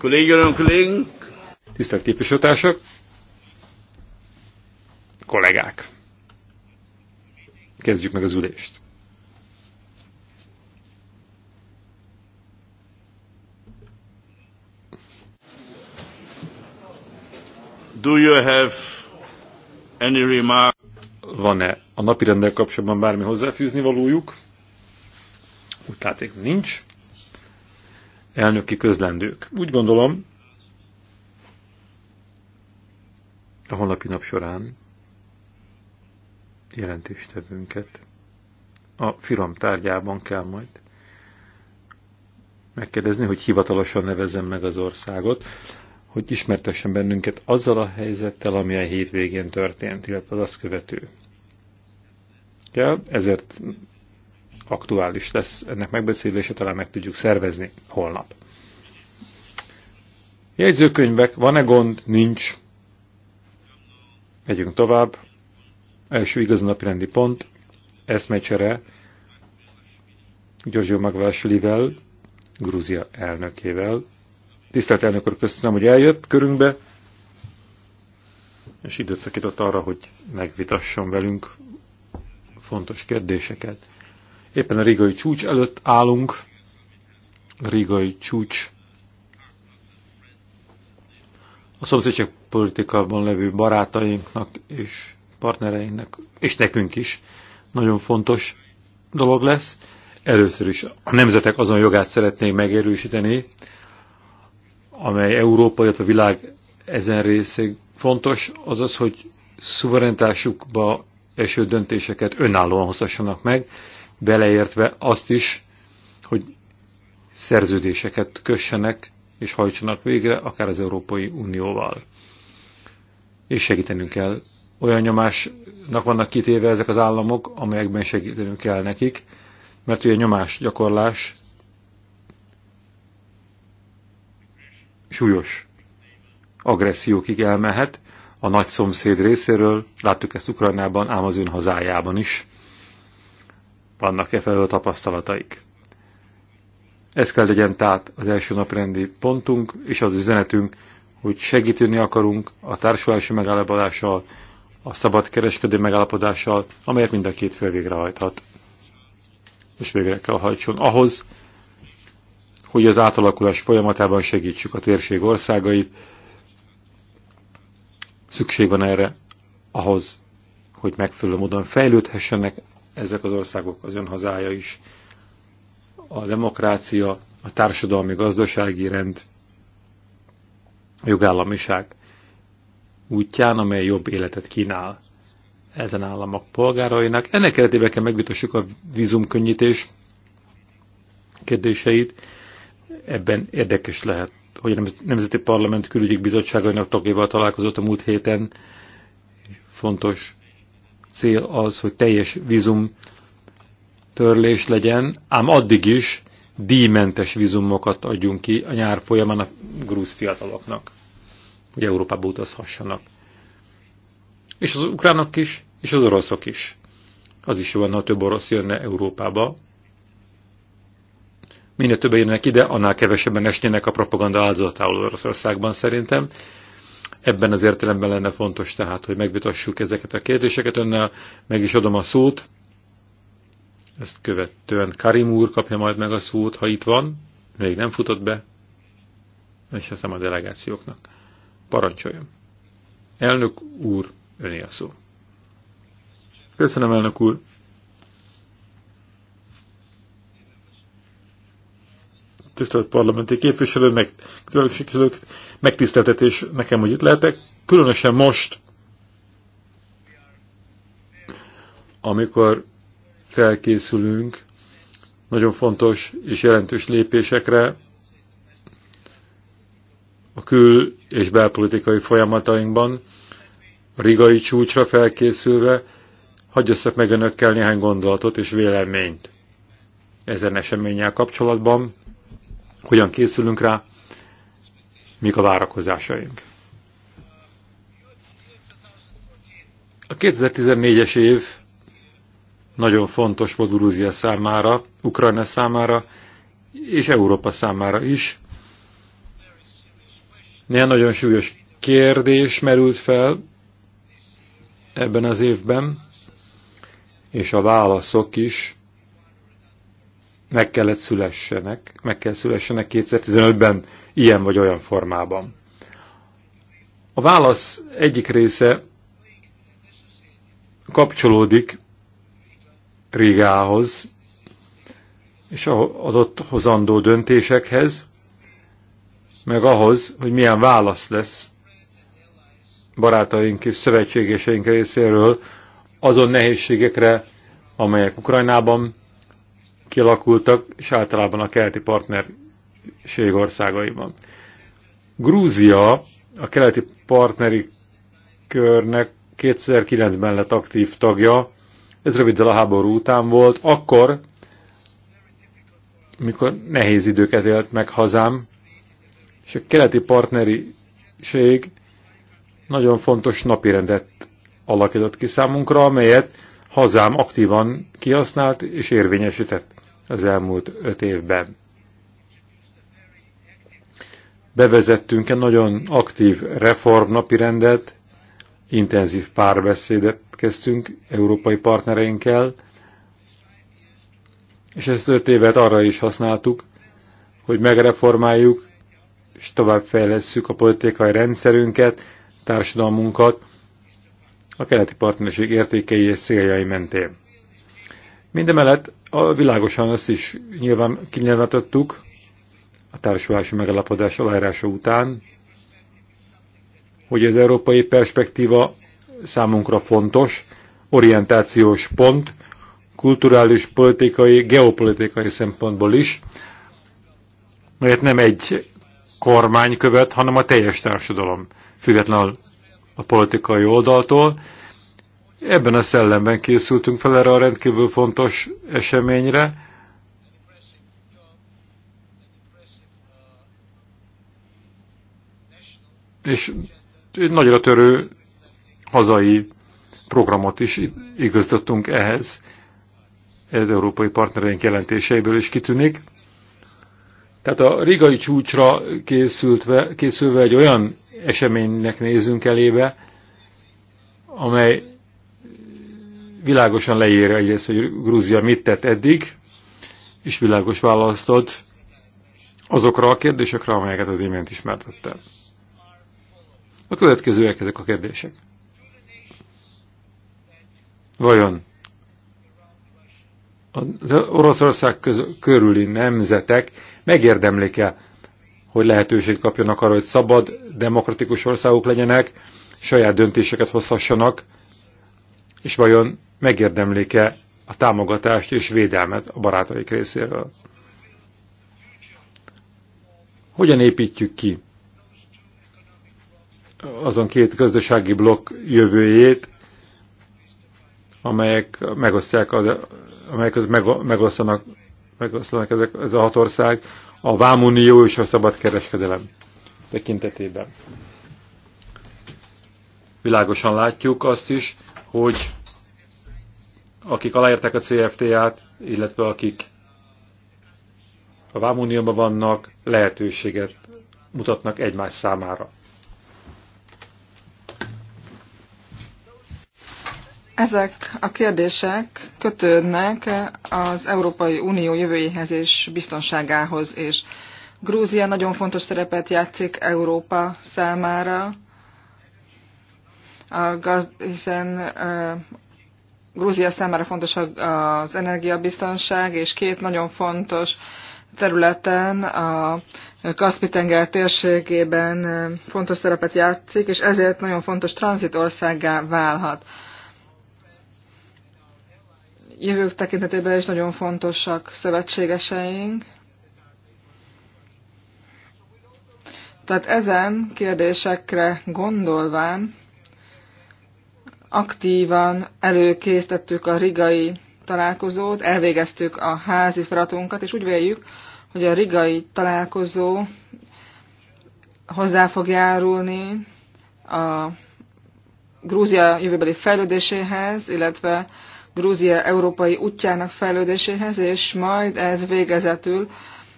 Kolléginnen und Tisztelt képviselőtársak! Kollégák! Kezdjük meg az ülést! Do you have any remark? Van-e a napi rendel kapcsolatban bármi hozzáfűzni valójuk? Úgy látják, nincs elnöki közlendők. Úgy gondolom, a honlapi nap során jelentéstevőnket a firam tárgyában kell majd megkérdezni, hogy hivatalosan nevezem meg az országot, hogy ismertessen bennünket azzal a helyzettel, ami a hétvégén történt, illetve az azt követő. Ja, ezért aktuális lesz ennek megbeszélése, talán meg tudjuk szervezni holnap. Jegyzőkönyvek, van-e gond? Nincs. Megyünk tovább. Első igaznapi rendi pont, eszmecsere Giorgio Magváslivel, Grúzia elnökével. Tisztelt elnök úr, köszönöm, hogy eljött körünkbe, és időt szakított arra, hogy megvitasson velünk fontos kérdéseket. Éppen a rigai csúcs előtt állunk, rigai csúcs a szomszédság politikában levő barátainknak és partnereinknek, és nekünk is nagyon fontos dolog lesz. Először is a nemzetek azon jogát szeretnék megerősíteni, amely Európa, illetve a világ ezen részé fontos, azaz, hogy szuverenitásukba eső döntéseket önállóan hozhassanak meg, beleértve azt is, hogy szerződéseket kössenek és hajtsanak végre, akár az Európai Unióval. És segítenünk kell. Olyan nyomásnak vannak kitéve ezek az államok, amelyekben segítenünk kell nekik, mert ugye nyomás, gyakorlás súlyos agressziókig elmehet a nagy szomszéd részéről, láttuk ezt Ukrajnában, ám az ön hazájában is vannak-e felől tapasztalataik. Ez kell legyen tehát az első naprendi pontunk és az üzenetünk, hogy segíteni akarunk a társulási megállapodással, a szabad kereskedő megállapodással, amelyet mind a két fél végrehajthat. És végre kell hajtson ahhoz, hogy az átalakulás folyamatában segítsük a térség országait. Szükség van erre ahhoz, hogy megfelelő módon fejlődhessenek, ezek az országok, az ön hazája is. A demokrácia, a társadalmi, gazdasági rend, a jogállamiság útján, amely jobb életet kínál ezen államok polgárainak. Ennek keretében kell megvitassuk a vízumkönnyítés kérdéseit. Ebben érdekes lehet, hogy a Nemzeti Parlament Külügyi Bizottságainak tagjával találkozott a múlt héten. Fontos cél az, hogy teljes vízum törlés legyen, ám addig is díjmentes vízumokat adjunk ki a nyár folyamán a grúz fiataloknak, hogy Európába utazhassanak. És az ukránok is, és az oroszok is. Az is jó lenne, ha több orosz jönne Európába. Minél többen jönnek ide, annál kevesebben esnének a propaganda áldozatául Oroszországban szerintem. Ebben az értelemben lenne fontos tehát, hogy megvitassuk ezeket a kérdéseket. Önnel meg is adom a szót. Ezt követően Karim úr kapja majd meg a szót, ha itt van. Még nem futott be. És aztán a delegációknak. Parancsoljon. Elnök úr, öné a szó. Köszönöm, elnök úr. tisztelt parlamenti képviselő, meg képviselők, megtiszteltetés nekem, hogy itt lehetek. Különösen most, amikor felkészülünk nagyon fontos és jelentős lépésekre a kül- és belpolitikai folyamatainkban, a rigai csúcsra felkészülve, hagyjasszak meg önökkel néhány gondolatot és véleményt ezen eseménnyel kapcsolatban, hogyan készülünk rá, mik a várakozásaink. A 2014-es év nagyon fontos volt Grúzia számára, Ukrajna számára és Európa számára is. Néhány nagyon súlyos kérdés merült fel ebben az évben, és a válaszok is meg kellett szülessenek, meg kell szülessenek 2015-ben ilyen vagy olyan formában. A válasz egyik része kapcsolódik Rigához, és az ott hozandó döntésekhez, meg ahhoz, hogy milyen válasz lesz barátaink és szövetségeseink részéről azon nehézségekre, amelyek Ukrajnában kialakultak, és általában a keleti partnerség országaiban. Grúzia a keleti partneri körnek 2009-ben lett aktív tagja, ez röviddel a háború után volt, akkor, mikor nehéz időket élt meg hazám, és a keleti partneriség nagyon fontos napirendet alakított ki számunkra, amelyet hazám aktívan kihasznált és érvényesített az elmúlt öt évben. Bevezettünk egy nagyon aktív rendet, intenzív párbeszédet kezdtünk európai partnereinkkel, és ezt öt évet arra is használtuk, hogy megreformáljuk és továbbfejlesszük a politikai rendszerünket, társadalmunkat a keleti partnerség értékei és céljai mentén. Mindemellett a világosan ezt is nyilván kinyilvánítottuk a társulási megalapodás aláírása után, hogy az európai perspektíva számunkra fontos, orientációs pont, kulturális, politikai, geopolitikai szempontból is, mert nem egy kormány követ, hanem a teljes társadalom, függetlenül a politikai oldaltól, Ebben a szellemben készültünk fel erre a rendkívül fontos eseményre. És egy nagyra törő hazai programot is igazdottunk ehhez. Ez európai partnereink jelentéseiből is kitűnik. Tehát a rigai csúcsra készültve, készülve egy olyan eseménynek nézünk elébe, amely világosan leírja egyrészt, hogy Grúzia mit tett eddig, és világos választ ad azokra a kérdésekre, amelyeket az imént ismertettem. A következőek ezek a kérdések. Vajon az Oroszország körüli nemzetek megérdemlik-e, hogy lehetőséget kapjanak arra, hogy szabad, demokratikus országok legyenek, saját döntéseket hozhassanak, és vajon megérdemlik-e a támogatást és védelmet a barátaik részéről. Hogyan építjük ki azon két gazdasági blokk jövőjét, amelyek megosztják, amelyek megosztanak, megosztanak ezek, ez a hat ország a Vámunió és a szabadkereskedelem tekintetében. Világosan látjuk azt is, hogy akik aláírták a CFTA-t, illetve akik a Vámunióban vannak, lehetőséget mutatnak egymás számára. Ezek a kérdések kötődnek az Európai Unió jövőjéhez és biztonságához, és Grúzia nagyon fontos szerepet játszik Európa számára, a gaz, hiszen ö, Grúzia számára fontos az energiabiztonság, és két nagyon fontos területen a Kaszpi-tenger térségében fontos szerepet játszik, és ezért nagyon fontos tranzitországá válhat. Jövők tekintetében is nagyon fontosak szövetségeseink. Tehát ezen kérdésekre gondolván aktívan előkészítettük a rigai találkozót, elvégeztük a házi feladatunkat, és úgy véljük, hogy a rigai találkozó hozzá fog járulni a Grúzia jövőbeli fejlődéséhez, illetve Grúzia európai útjának fejlődéséhez, és majd ez végezetül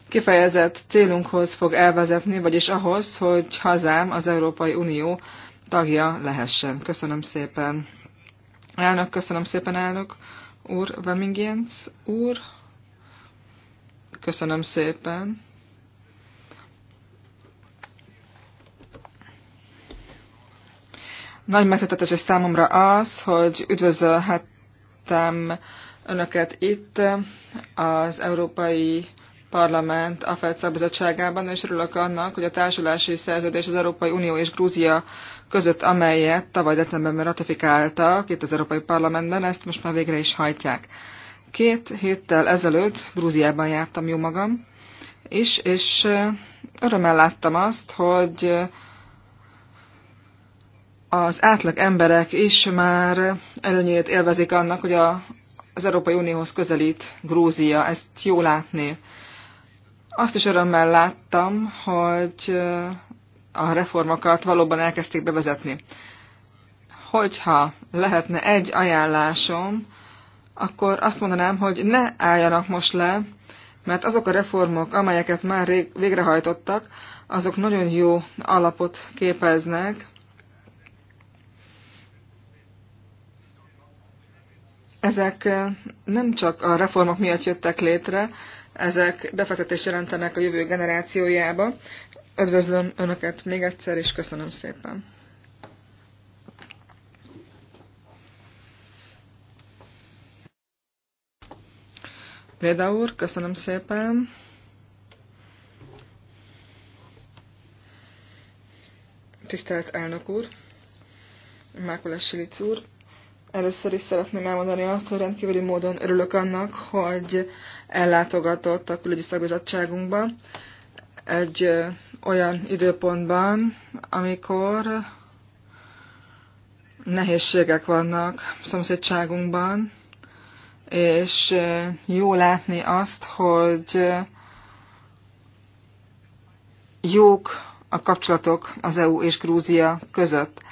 kifejezett célunkhoz fog elvezetni, vagyis ahhoz, hogy hazám, az Európai Unió tagja lehessen. Köszönöm szépen. Elnök, köszönöm szépen, elnök úr, Vemingjens úr. Köszönöm szépen. Nagy megszületetés számomra az, hogy üdvözölhettem Önöket itt az Európai Parlament AFED szakbizottságában, és örülök annak, hogy a társulási szerződés az Európai Unió és Grúzia között, amelyet tavaly decemberben ratifikáltak itt az Európai Parlamentben, ezt most már végre is hajtják. Két héttel ezelőtt Grúziában jártam jó magam is, és örömmel láttam azt, hogy az átlag emberek is már előnyét élvezik annak, hogy a, az Európai Unióhoz közelít Grúzia, ezt jó látni. Azt is örömmel láttam, hogy a reformokat valóban elkezdték bevezetni. Hogyha lehetne egy ajánlásom, akkor azt mondanám, hogy ne álljanak most le, mert azok a reformok, amelyeket már rég, végrehajtottak, azok nagyon jó alapot képeznek. Ezek nem csak a reformok miatt jöttek létre, ezek befektetést jelentenek a jövő generációjába, Üdvözlöm Önöket még egyszer, és köszönöm szépen. Véda úr, köszönöm szépen. Tisztelt elnök úr, Mákolás Silic úr, Először is szeretném elmondani azt, hogy rendkívüli módon örülök annak, hogy ellátogatott a külügyi szakbizottságunkba. Egy olyan időpontban, amikor nehézségek vannak szomszédságunkban, és jó látni azt, hogy jók a kapcsolatok az EU és Grúzia között.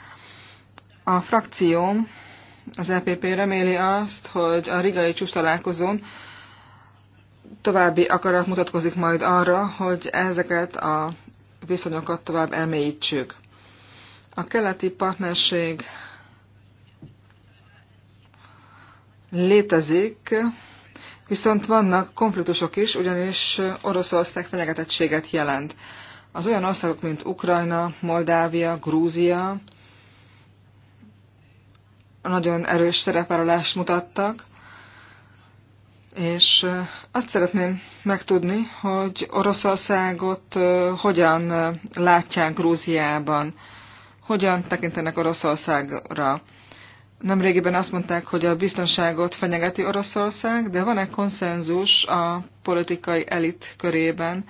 A frakcióm, az EPP reméli azt, hogy a rigai csúcs találkozón további akarat mutatkozik majd arra, hogy ezeket a viszonyokat tovább elmélyítsük. A keleti partnerség létezik, viszont vannak konfliktusok is, ugyanis Oroszország fenyegetettséget jelent. Az olyan országok, mint Ukrajna, Moldávia, Grúzia nagyon erős szerepvállalást mutattak, és azt szeretném megtudni, hogy Oroszországot hogyan látják Grúziában, hogyan tekintenek Oroszországra. Nemrégiben azt mondták, hogy a biztonságot fenyegeti Oroszország, de van-e konszenzus a politikai elit körében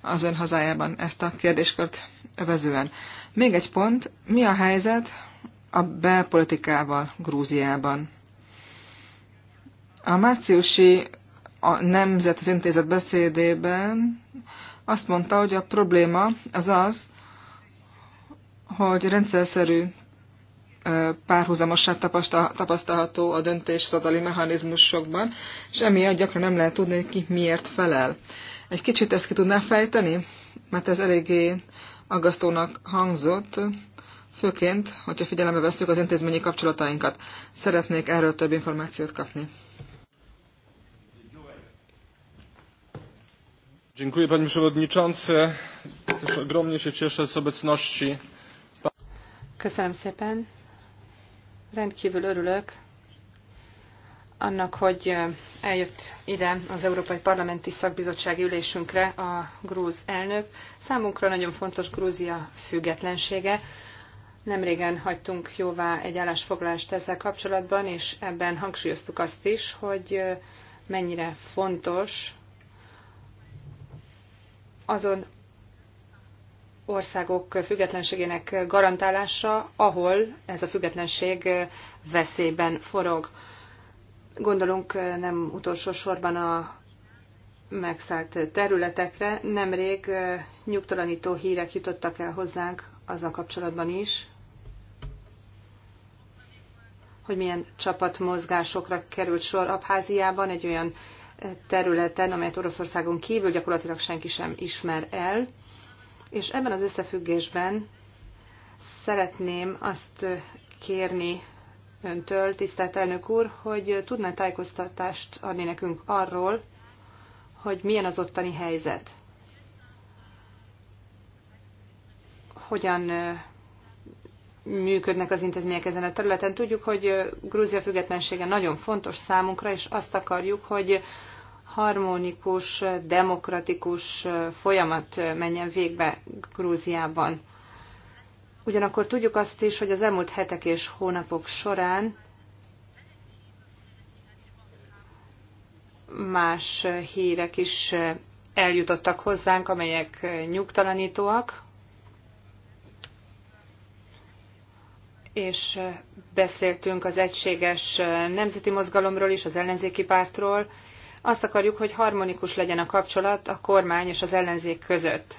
az ön hazájában ezt a kérdéskört vezően? Még egy pont, mi a helyzet a belpolitikával Grúziában? A márciusi a Nemzet az intézet beszédében azt mondta, hogy a probléma az az, hogy rendszerszerű párhuzamosát tapasztalható a adali mechanizmusokban, és emiatt gyakran nem lehet tudni, hogy ki miért felel. Egy kicsit ezt ki tudná fejteni? Mert ez eléggé aggasztónak hangzott, főként, hogyha figyelembe veszük az intézményi kapcsolatainkat. Szeretnék erről több információt kapni. panie przewodniczący! też ogromnie się cieszę z obecności. köszönöm szépen. rendkívül örülök annak, hogy eljött ide az Európai Parlamenti Szakbizottsági ülésünkre a grúz elnök. Számunkra nagyon fontos Grúzia függetlensége. Nemrégen hagytunk jóvá egy állásfoglalást ezzel kapcsolatban, és ebben hangsúlyoztuk azt is, hogy mennyire fontos azon országok függetlenségének garantálása, ahol ez a függetlenség veszélyben forog. Gondolunk eh, nem utolsó sorban a megszállt területekre. Nemrég eh, nyugtalanító hírek jutottak el hozzánk azzal kapcsolatban is, hogy milyen csapatmozgásokra került sor Abháziában, egy olyan területen, amelyet Oroszországon kívül gyakorlatilag senki sem ismer el. És ebben az összefüggésben szeretném azt kérni öntől, tisztelt elnök úr, hogy tudná tájékoztatást adni nekünk arról, hogy milyen az ottani helyzet. Hogyan működnek az intézmények ezen a területen. Tudjuk, hogy Grúzia függetlensége nagyon fontos számunkra, és azt akarjuk, hogy harmonikus, demokratikus folyamat menjen végbe Grúziában. Ugyanakkor tudjuk azt is, hogy az elmúlt hetek és hónapok során más hírek is eljutottak hozzánk, amelyek nyugtalanítóak. és beszéltünk az egységes nemzeti mozgalomról is, az ellenzéki pártról. Azt akarjuk, hogy harmonikus legyen a kapcsolat a kormány és az ellenzék között.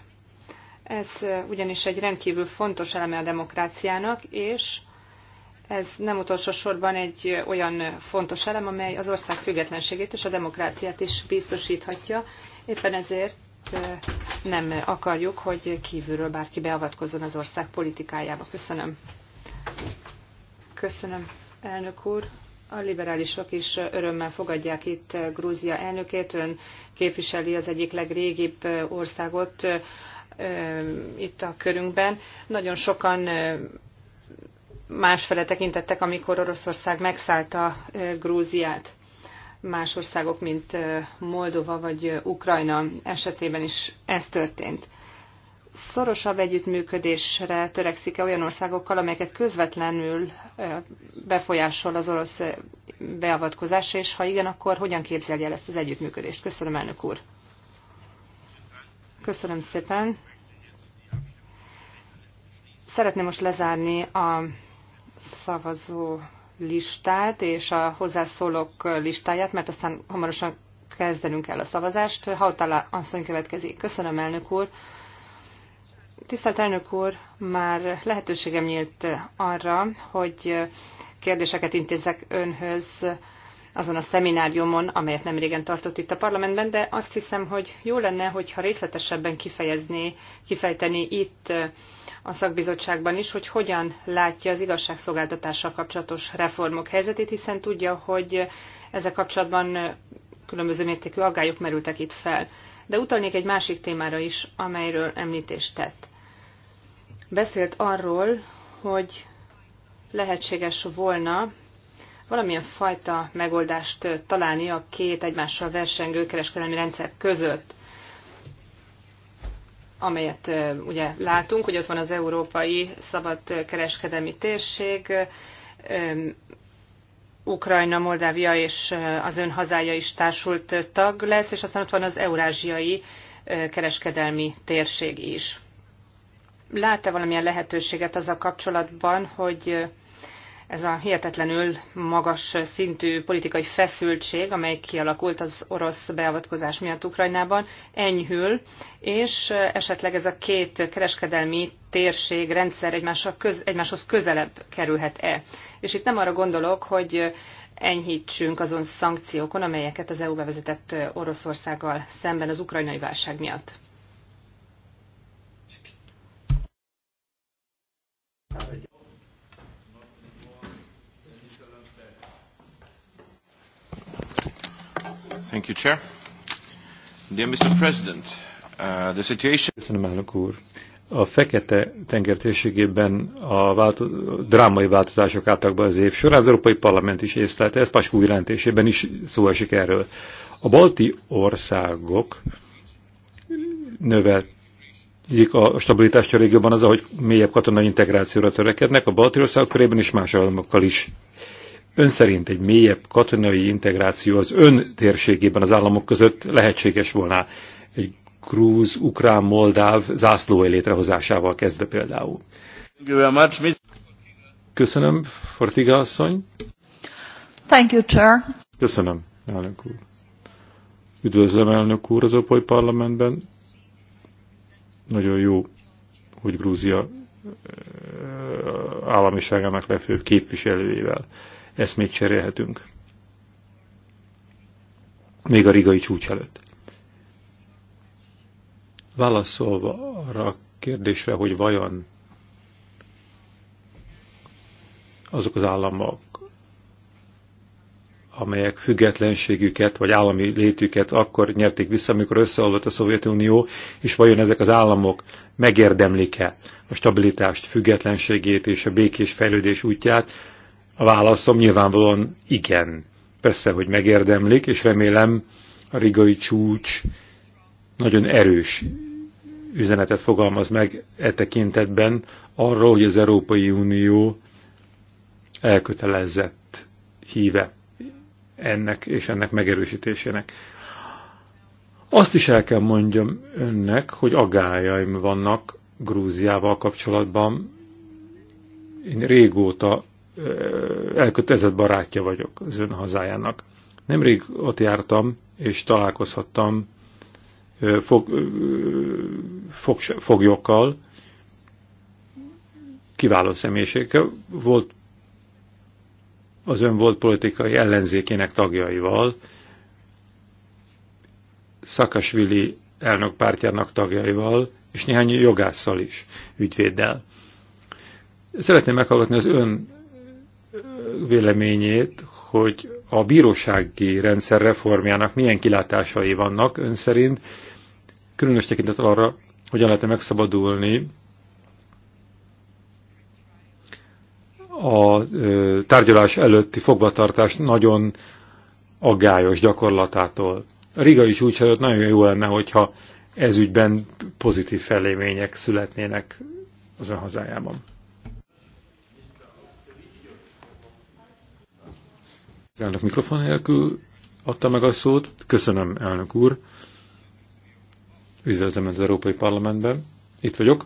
Ez ugyanis egy rendkívül fontos eleme a demokráciának, és ez nem utolsó sorban egy olyan fontos elem, amely az ország függetlenségét és a demokráciát is biztosíthatja. Éppen ezért nem akarjuk, hogy kívülről bárki beavatkozzon az ország politikájába. Köszönöm. Köszönöm, elnök úr. A liberálisok is örömmel fogadják itt Grúzia elnökét. Ön képviseli az egyik legrégibb országot itt a körünkben. Nagyon sokan másfele tekintettek, amikor Oroszország megszállta Grúziát. Más országok, mint Moldova vagy Ukrajna esetében is ez történt szorosabb együttműködésre törekszik-e olyan országokkal, amelyeket közvetlenül befolyásol az orosz beavatkozás, és ha igen, akkor hogyan képzelje el ezt az együttműködést? Köszönöm, elnök úr. Köszönöm szépen. Szeretném most lezárni a szavazó listát és a hozzászólók listáját, mert aztán hamarosan kezdenünk el a szavazást. Hautala asszony következik. Köszönöm, elnök úr. Tisztelt elnök úr, már lehetőségem nyílt arra, hogy kérdéseket intézek önhöz azon a szemináriumon, amelyet nem régen tartott itt a parlamentben, de azt hiszem, hogy jó lenne, hogyha részletesebben kifejezni, kifejteni itt a szakbizottságban is, hogy hogyan látja az igazságszolgáltatással kapcsolatos reformok helyzetét, hiszen tudja, hogy ezzel kapcsolatban különböző mértékű aggályok merültek itt fel. De utalnék egy másik témára is, amelyről említést tett. Beszélt arról, hogy lehetséges volna valamilyen fajta megoldást találni a két egymással versengő kereskedelmi rendszer között amelyet ugye látunk, hogy ott van az európai szabad kereskedelmi térség, Ukrajna, Moldávia és az ön hazája is társult tag lesz, és aztán ott van az eurázsiai kereskedelmi térség is. Lát-e valamilyen lehetőséget az a kapcsolatban, hogy ez a hihetetlenül magas szintű politikai feszültség, amely kialakult az orosz beavatkozás miatt Ukrajnában, enyhül, és esetleg ez a két kereskedelmi térség, rendszer köz, egymáshoz közelebb kerülhet-e. És itt nem arra gondolok, hogy enyhítsünk azon szankciókon, amelyeket az EU bevezetett Oroszországgal szemben az ukrajnai válság miatt. Uh, Köszönöm, elnök úr. A fekete tenger térségében a változ... drámai változások álltak be az év során. Az Európai Parlament is észlelte, ez Paskú jelentésében is szó esik erről. A balti országok növeljék a stabilitást a régióban az, ahogy mélyebb katonai integrációra törekednek, a balti országok körében és más államokkal is Ön szerint egy mélyebb katonai integráció az ön térségében az államok között lehetséges volna egy grúz, ukrán, moldáv zászló létrehozásával kezdve például. Köszönöm, Fortiga asszony. Thank you, Chair. Köszönöm, elnök úr. Üdvözlöm, elnök úr, az Opoly Parlamentben. Nagyon jó, hogy Grúzia eh, államiságának legfőbb képviselőjével eszmét cserélhetünk. Még a rigai csúcs előtt. Válaszolva arra a kérdésre, hogy vajon azok az államok, amelyek függetlenségüket vagy állami létüket akkor nyerték vissza, amikor összeolvott a Szovjetunió, és vajon ezek az államok megérdemlik-e a stabilitást, függetlenségét és a békés fejlődés útját, a válaszom nyilvánvalóan igen. Persze, hogy megérdemlik, és remélem a rigai csúcs nagyon erős üzenetet fogalmaz meg e tekintetben arról, hogy az Európai Unió elkötelezett híve ennek és ennek megerősítésének. Azt is el kell mondjam önnek, hogy agályaim vannak Grúziával kapcsolatban. Én régóta elkötelezett barátja vagyok az ön hazájának. Nemrég ott jártam, és találkozhattam fog, fog, foglyokkal, kiváló személyiségekkel, volt az ön volt politikai ellenzékének tagjaival, Szakasvili elnök pártjának tagjaival, és néhány jogásszal is, ügyvéddel. Szeretném meghallgatni az ön véleményét, hogy a bírósági rendszer reformjának milyen kilátásai vannak ön szerint, különös tekintet arra, hogyan lehet -e megszabadulni a tárgyalás előtti fogvatartás nagyon aggályos gyakorlatától. A is úgy előtt nagyon jó lenne, hogyha ez ügyben pozitív felémények születnének az ön hazájában. Elnök mikrofon nélkül adta meg a szót. Köszönöm, elnök úr. Üdvözlöm az Európai Parlamentben. Itt vagyok.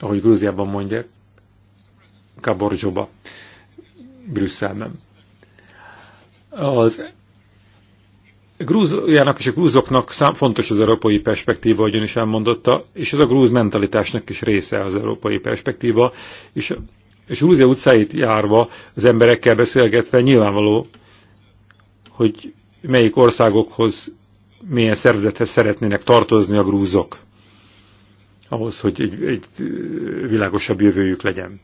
Ahogy Grúziában mondják, Kaborzsoba, Brüsszelben. Az Grúzjának és a grúzoknak szám, fontos az európai perspektíva, is elmondotta, és ez a grúz mentalitásnak is része az európai perspektíva, és, és Grúzia utcáit járva, az emberekkel beszélgetve nyilvánvaló, hogy melyik országokhoz, milyen szervezethez szeretnének tartozni a grúzok, ahhoz, hogy egy, egy világosabb jövőjük legyen.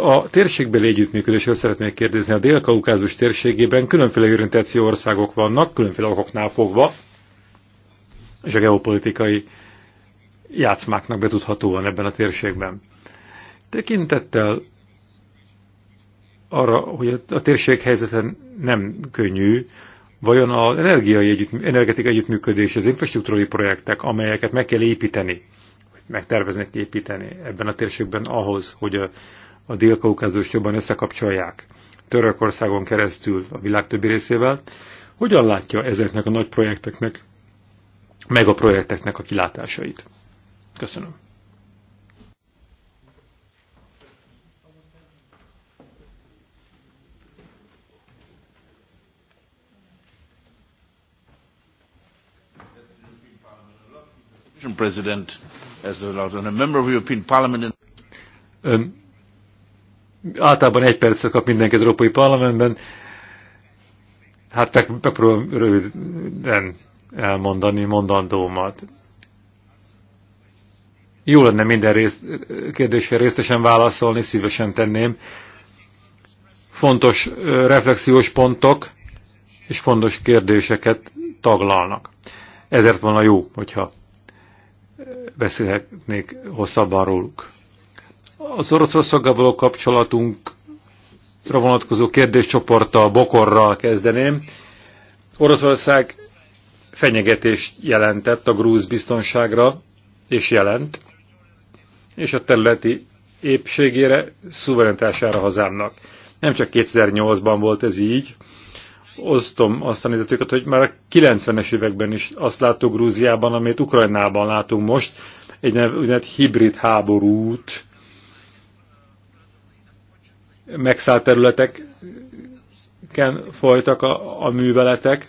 A térségbeli együttműködésről szeretnék kérdezni. A dél-kaukázus térségében különféle orientáció országok vannak, különféle okoknál fogva, és a geopolitikai játszmáknak betudhatóan ebben a térségben. Tekintettel arra, hogy a térség helyzeten nem könnyű, vajon az energiai együtt, energetikai együttműködés, az infrastruktúrai projektek, amelyeket meg kell építeni, vagy megterveznek építeni ebben a térségben ahhoz, hogy a a dél-kaukázust jobban összekapcsolják Törökországon keresztül a világ többi részével. Hogyan látja ezeknek a nagy projekteknek, meg a projekteknek a kilátásait? Köszönöm. President, as member of the European Parliament. Ön általában egy percet kap mindenki az Európai Parlamentben, hát meg, megpróbálom röviden elmondani mondandómat. Jó lenne minden rész, kérdésre résztesen válaszolni, szívesen tenném. Fontos reflexiós pontok és fontos kérdéseket taglalnak. Ezért volna jó, hogyha beszélhetnék hosszabban róluk. Az Oroszországgal való kapcsolatunkra vonatkozó kérdéscsoporttal, bokorral kezdeném. Oroszország fenyegetést jelentett a grúz biztonságra, és jelent, és a területi épségére, szuverenitására hazámnak. Nem csak 2008-ban volt ez így, osztom azt a nézetőket, hogy már a 90-es években is azt láttuk Grúziában, amit Ukrajnában látunk most, egy úgynevezett hibrid háborút, megszállt területeken folytak a, a műveletek,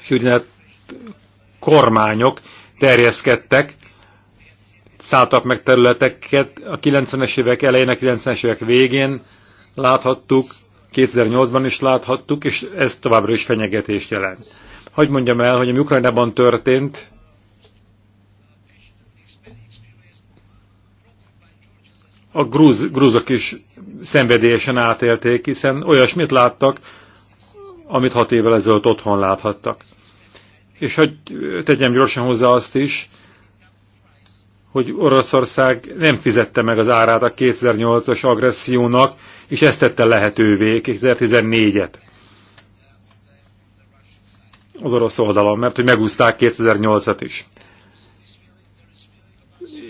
és úgynevezett kormányok terjeszkedtek, szálltak meg területeket a 90-es évek elején, a 90-es évek végén láthattuk, 2008-ban is láthattuk, és ez továbbra is fenyegetést jelent. Hogy mondjam el, hogy ami Ukrajnában történt, a grúz, grúzok is szenvedélyesen átélték, hiszen olyasmit láttak, amit hat évvel ezelőtt otthon láthattak. És hogy tegyem gyorsan hozzá azt is, hogy Oroszország nem fizette meg az árát a 2008-as agressziónak, és ezt tette lehetővé 2014-et az orosz oldalon, mert hogy megúzták 2008-at is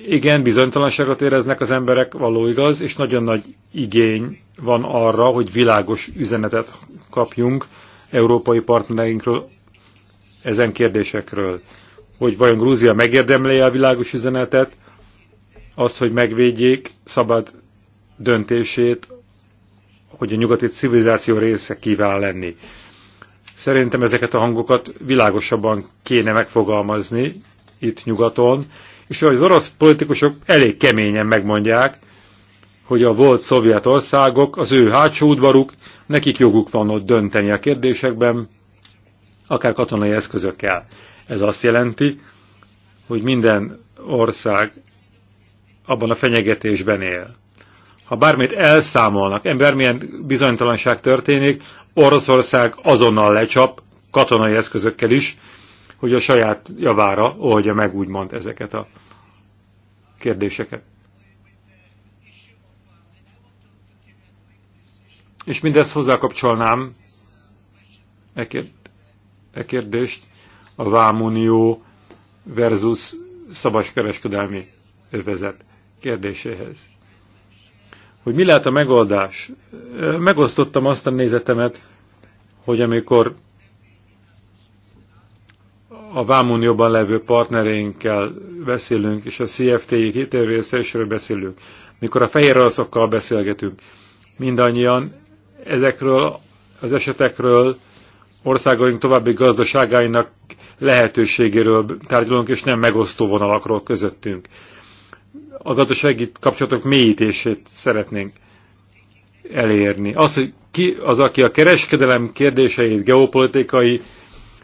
igen, bizonytalanságot éreznek az emberek, való igaz, és nagyon nagy igény van arra, hogy világos üzenetet kapjunk európai partnereinkről ezen kérdésekről. Hogy vajon Grúzia megérdemli a világos üzenetet, azt, hogy megvédjék szabad döntését, hogy a nyugati civilizáció része kíván lenni. Szerintem ezeket a hangokat világosabban kéne megfogalmazni itt nyugaton, és az orosz politikusok elég keményen megmondják, hogy a volt szovjet országok, az ő hátsó udvaruk, nekik joguk van ott dönteni a kérdésekben, akár katonai eszközökkel. Ez azt jelenti, hogy minden ország abban a fenyegetésben él. Ha bármit elszámolnak, bármilyen bizonytalanság történik, Oroszország azonnal lecsap, katonai eszközökkel is, hogy a saját javára oldja meg úgymond ezeket a kérdéseket. És mindezt hozzákapcsolnám e, e kérdést a Vámunió versus kereskedelmi övezet kérdéséhez. Hogy mi lehet a megoldás? Megosztottam azt a nézetemet, hogy amikor a Vámunióban levő partnereinkkel beszélünk, és a CFT-i kitérvészésről beszélünk, mikor a fehér olaszokkal beszélgetünk, mindannyian ezekről az esetekről országaink további gazdaságainak lehetőségéről tárgyalunk, és nem megosztó vonalakról közöttünk. A gazdasági kapcsolatok mélyítését szeretnénk elérni. Az, hogy ki az, aki a kereskedelem kérdéseit, geopolitikai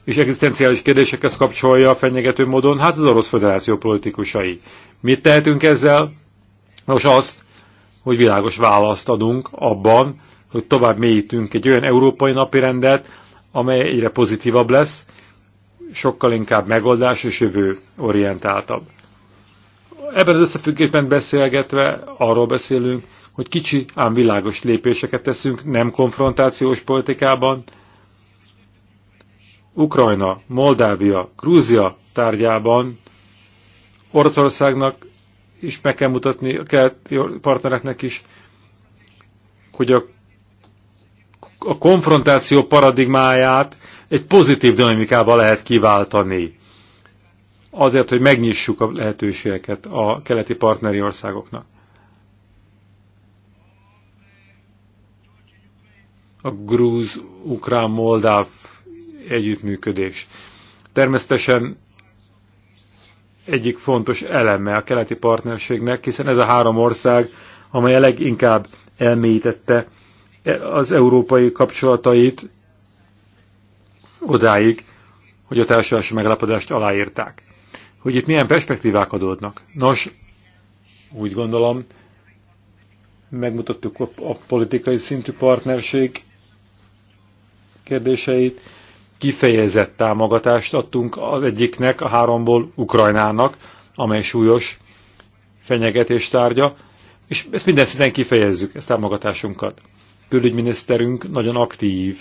és egzisztenciális kérdésekhez kapcsolja a fenyegető módon, hát az Orosz Föderáció politikusai. Mit tehetünk ezzel? Nos azt, hogy világos választ adunk abban, hogy tovább mélyítünk egy olyan európai napirendet, amely egyre pozitívabb lesz, sokkal inkább megoldás és jövő orientáltabb. Ebben az összefüggésben beszélgetve arról beszélünk, hogy kicsi, ám világos lépéseket teszünk nem konfrontációs politikában, Ukrajna, Moldávia, Grúzia tárgyában Oroszországnak is meg kell mutatni a keleti partnereknek is, hogy a, a konfrontáció paradigmáját egy pozitív dinamikába lehet kiváltani. Azért, hogy megnyissuk a lehetőségeket a keleti partneri országoknak. A grúz, ukrán, moldáv együttműködés. Természetesen egyik fontos eleme a keleti partnerségnek, hiszen ez a három ország, amely a leginkább elmélyítette az európai kapcsolatait odáig, hogy a társadalmi megállapodást aláírták. Hogy itt milyen perspektívák adódnak. Nos, úgy gondolom, megmutattuk a, politikai szintű partnerség kérdéseit, kifejezett támogatást adtunk az egyiknek, a háromból Ukrajnának, amely súlyos fenyegetés tárgya, és ezt minden szinten kifejezzük, ezt támogatásunkat. Külügyminiszterünk nagyon aktív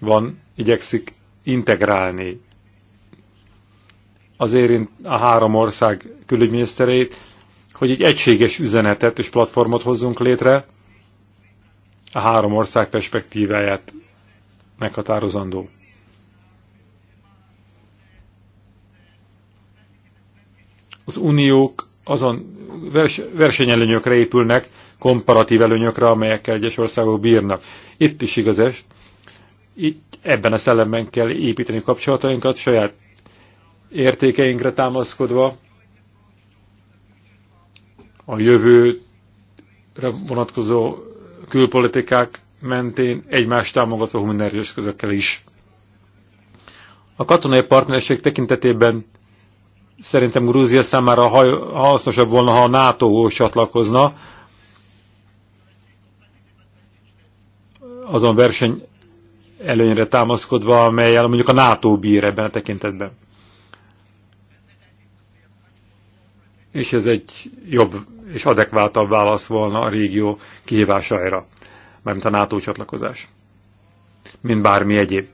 van, igyekszik integrálni az érint a három ország külügyminisztereit, hogy egy egységes üzenetet és platformot hozzunk létre, a három ország perspektíváját meghatározandó. az uniók azon vers, versenyelőnyökre épülnek, komparatív előnyökre, amelyekkel egyes országok bírnak. Itt is igaz ez. Itt ebben a szellemben kell építeni kapcsolatainkat, saját értékeinkre támaszkodva, a jövőre vonatkozó külpolitikák mentén egymást támogató humanitárius közökkel is. A katonai partnerség tekintetében Szerintem Grúzia számára hasznosabb volna, ha a nato csatlakozna. Azon verseny előnyre támaszkodva, amelyel mondjuk a NATO bír ebben a tekintetben. És ez egy jobb és adekváltabb válasz volna a régió kihívásaira, mármint a NATO csatlakozás, mint bármi egyéb.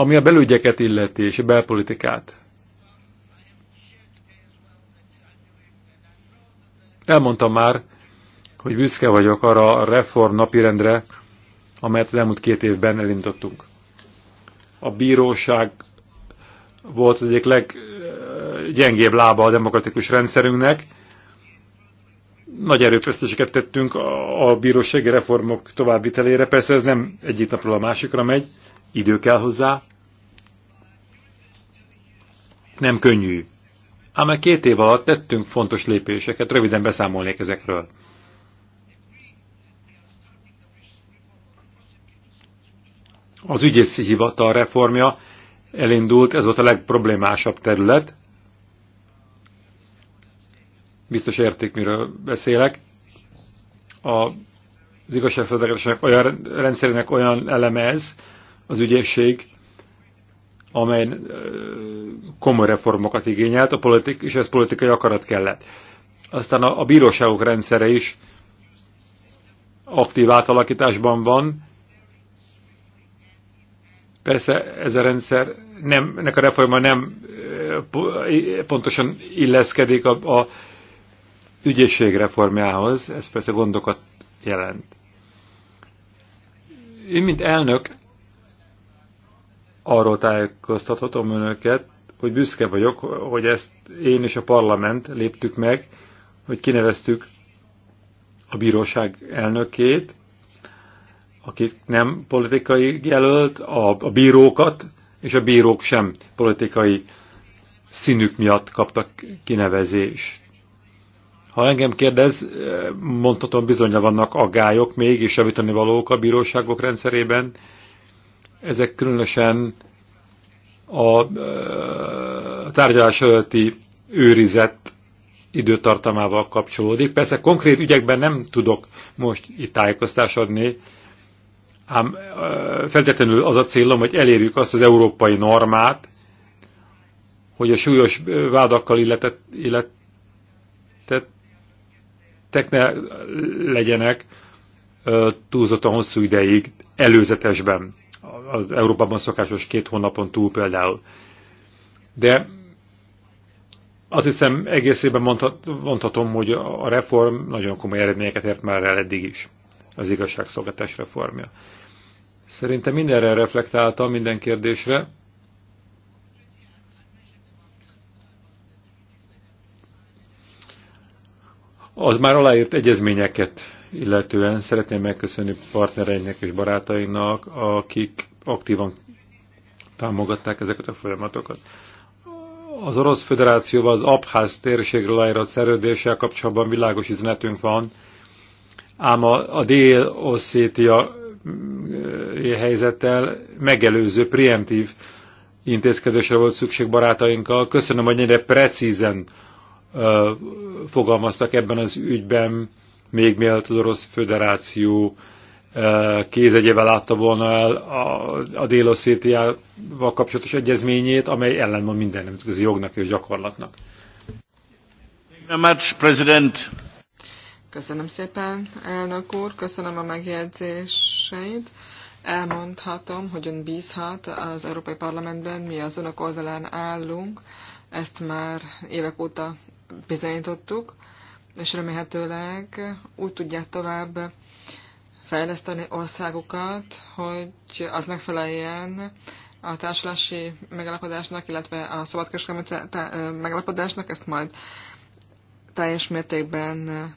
Ami a belügyeket illeti és a belpolitikát. Elmondtam már, hogy büszke vagyok arra a reform napirendre, amelyet az elmúlt két évben elindítottunk. A bíróság volt az egyik leggyengébb lába a demokratikus rendszerünknek. Nagy erőfeszítéseket tettünk a bírósági reformok továbbvitelére. Persze ez nem egyik napról a másikra megy, idő kell hozzá, nem könnyű. Ám a két év alatt tettünk fontos lépéseket, röviden beszámolnék ezekről. Az ügyészi hivatal reformja elindult, ez volt a legproblémásabb terület. Biztos értik, miről beszélek. A, az igazságszolgáltatásnak olyan rendszerének olyan eleme ez, az ügyesség, amely komoly reformokat igényelt, a politik, és ez politikai akarat kellett. Aztán a, a bíróságok rendszere is aktív átalakításban van. Persze ez a rendszer, nem, ennek a reforma nem pontosan illeszkedik a, a ügyészség reformjához, ez persze gondokat jelent. Én, mint elnök, arról tájékoztathatom önöket, hogy büszke vagyok, hogy ezt én és a parlament léptük meg, hogy kineveztük a bíróság elnökét, akik nem politikai jelölt, a, a bírókat, és a bírók sem politikai színük miatt kaptak kinevezést. Ha engem kérdez, mondhatom, bizonyra vannak aggályok még, és javítani valók a bíróságok rendszerében, ezek különösen a, a tárgyalás előtti őrizett időtartamával kapcsolódik. Persze konkrét ügyekben nem tudok most itt tájékoztást adni, ám feltétlenül az a célom, hogy elérjük azt az európai normát, hogy a súlyos vádakkal illetett, illetett tekne legyenek túlzottan hosszú ideig előzetesben az Európában szokásos két hónapon túl például. De azt hiszem egészében mondhatom, hogy a reform nagyon komoly eredményeket ért már el eddig is, az igazságszolgatás reformja. Szerintem mindenre reflektáltam, minden kérdésre. Az már aláírt egyezményeket illetően szeretném megköszönni partnereinek és barátainak, akik aktívan támogatták ezeket a folyamatokat. Az Orosz Föderációban az Abház térségről leírott szerződéssel kapcsolatban világos üzenetünk van, ám a, a Dél-Osszétia mm, e, helyzettel megelőző, preemptív intézkedésre volt szükség barátainkkal. Köszönöm, hogy ennyire precízen ö, e, fogalmaztak ebben az ügyben, még mielőtt az Orosz Föderáció kézegyével látta volna el a, a Dél-Oszétiával kapcsolatos egyezményét, amely ellen van minden nemzetközi jognak és gyakorlatnak. Köszönöm szépen, elnök úr, köszönöm a megjegyzéseit. Elmondhatom, hogy ön bízhat az Európai Parlamentben, mi az önök oldalán állunk, ezt már évek óta bizonyítottuk, és remélhetőleg úgy tudják tovább fejleszteni országokat, hogy az megfeleljen a társulási megalapodásnak, illetve a szabadkereskedelmi megalapodásnak, ezt majd teljes mértékben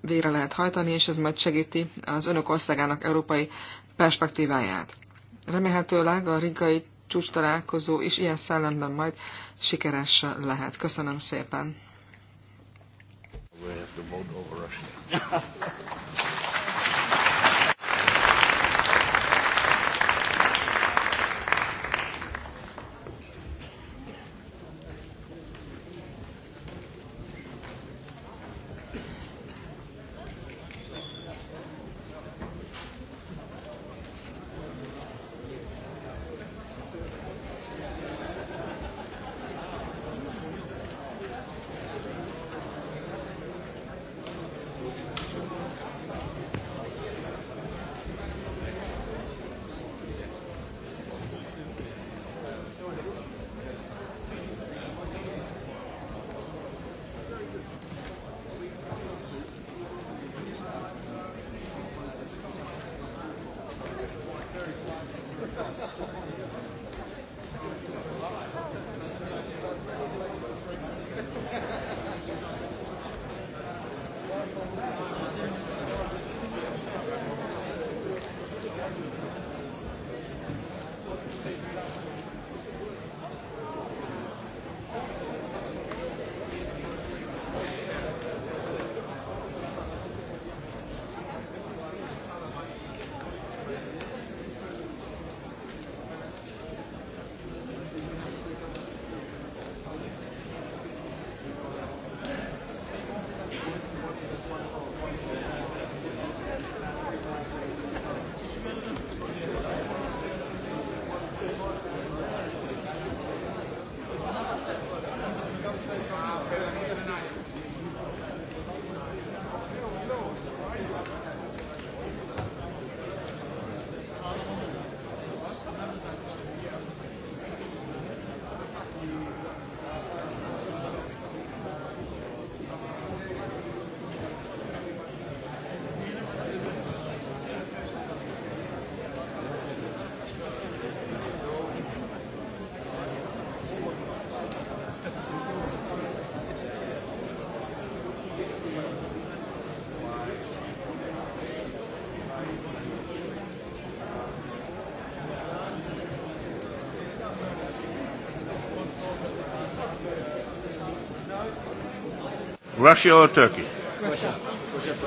végre lehet hajtani, és ez majd segíti az önök országának európai perspektíváját. Remélhetőleg a rigai csúcs találkozó is ilyen szellemben majd sikeres lehet. Köszönöm szépen! We have to vote over Russia. Russia or Turkey? Russia.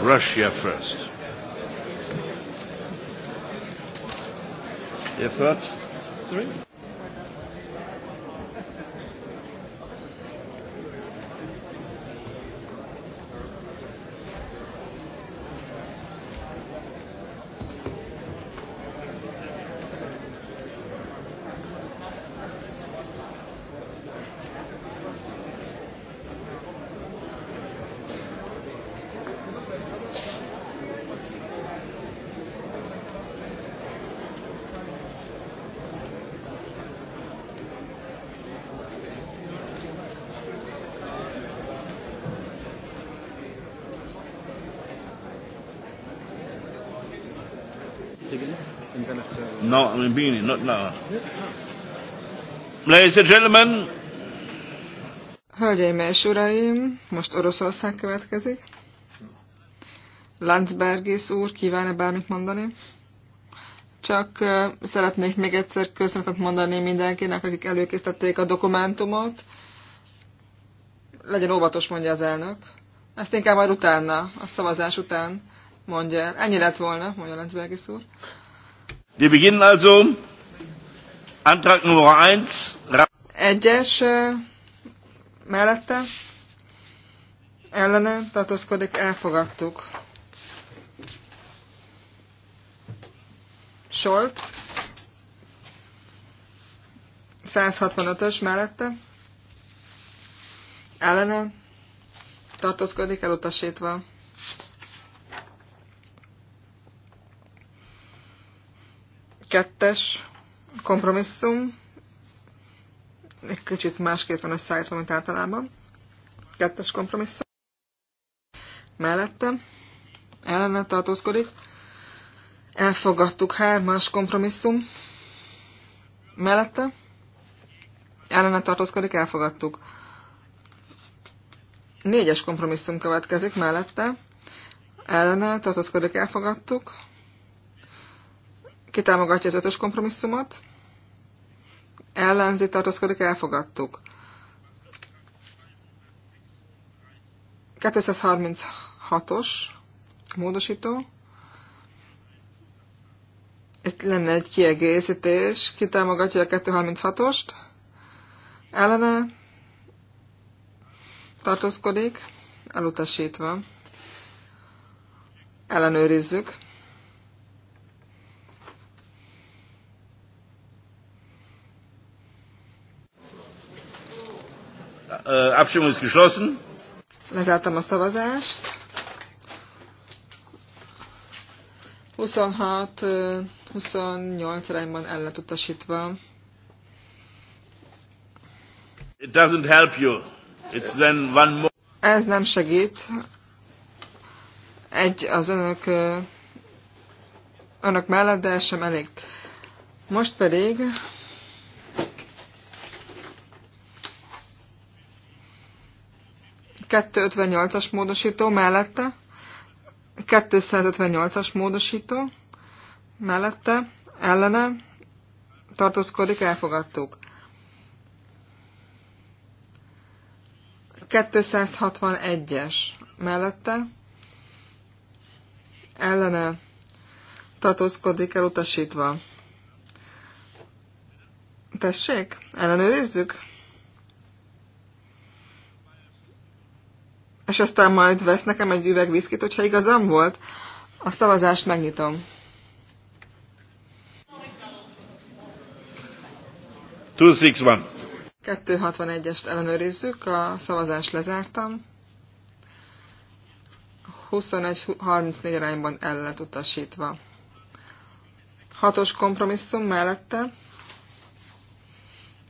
Russia first. You've heard? Sorry? beanie, not now. Ladies and gentlemen. Hölgyeim és uraim, most Oroszország következik. Landsbergis úr, kíván -e bármit mondani? Csak szeretnék még egyszer köszönetet mondani mindenkinek, akik előkészítették a dokumentumot. Legyen óvatos, mondja az elnök. Ezt inkább majd utána, a szavazás után mondja el. Ennyi lett volna, mondja Lenzbergis úr. Wir beginnen also. Antrag Nummer 1. Egyes uh, mellette ellene tartózkodik, elfogadtuk. Scholz 165-ös mellette ellene tartózkodik, elutasítva. kettes kompromisszum. Egy kicsit másképp van összeállítva, mint általában. Kettes kompromisszum. Mellette ellene tartózkodik. Elfogadtuk hármas kompromisszum. Mellette ellene tartózkodik, elfogadtuk. Négyes kompromisszum következik mellette. Ellene tartózkodik, elfogadtuk. Ki támogatja az ötös kompromisszumot? Ellenzi tartózkodik, elfogadtuk. 236-os módosító. Itt lenne egy kiegészítés. Ki támogatja a 236-ost? Ellene tartózkodik, elutasítva. Ellenőrizzük. Äh, Abstimmung ist geschlossen. Lezártam a szavazást. 26-28 arányban ellen utasítva. It doesn't help you. It's then one more. Ez nem segít. Egy az önök, önök mellett, de ez sem elég. Most pedig 258-as módosító mellette, 258-as módosító mellette, ellene tartózkodik, elfogadtuk. 261-es mellette ellene tartózkodik elutasítva. Tessék, ellenőrizzük. és aztán majd vesz nekem egy üveg viszkit, hogyha igazam volt. A szavazást megnyitom. Two six one. 261-est ellenőrizzük, a szavazást lezártam. 21-34 arányban el lett utasítva. Hatos kompromisszum mellette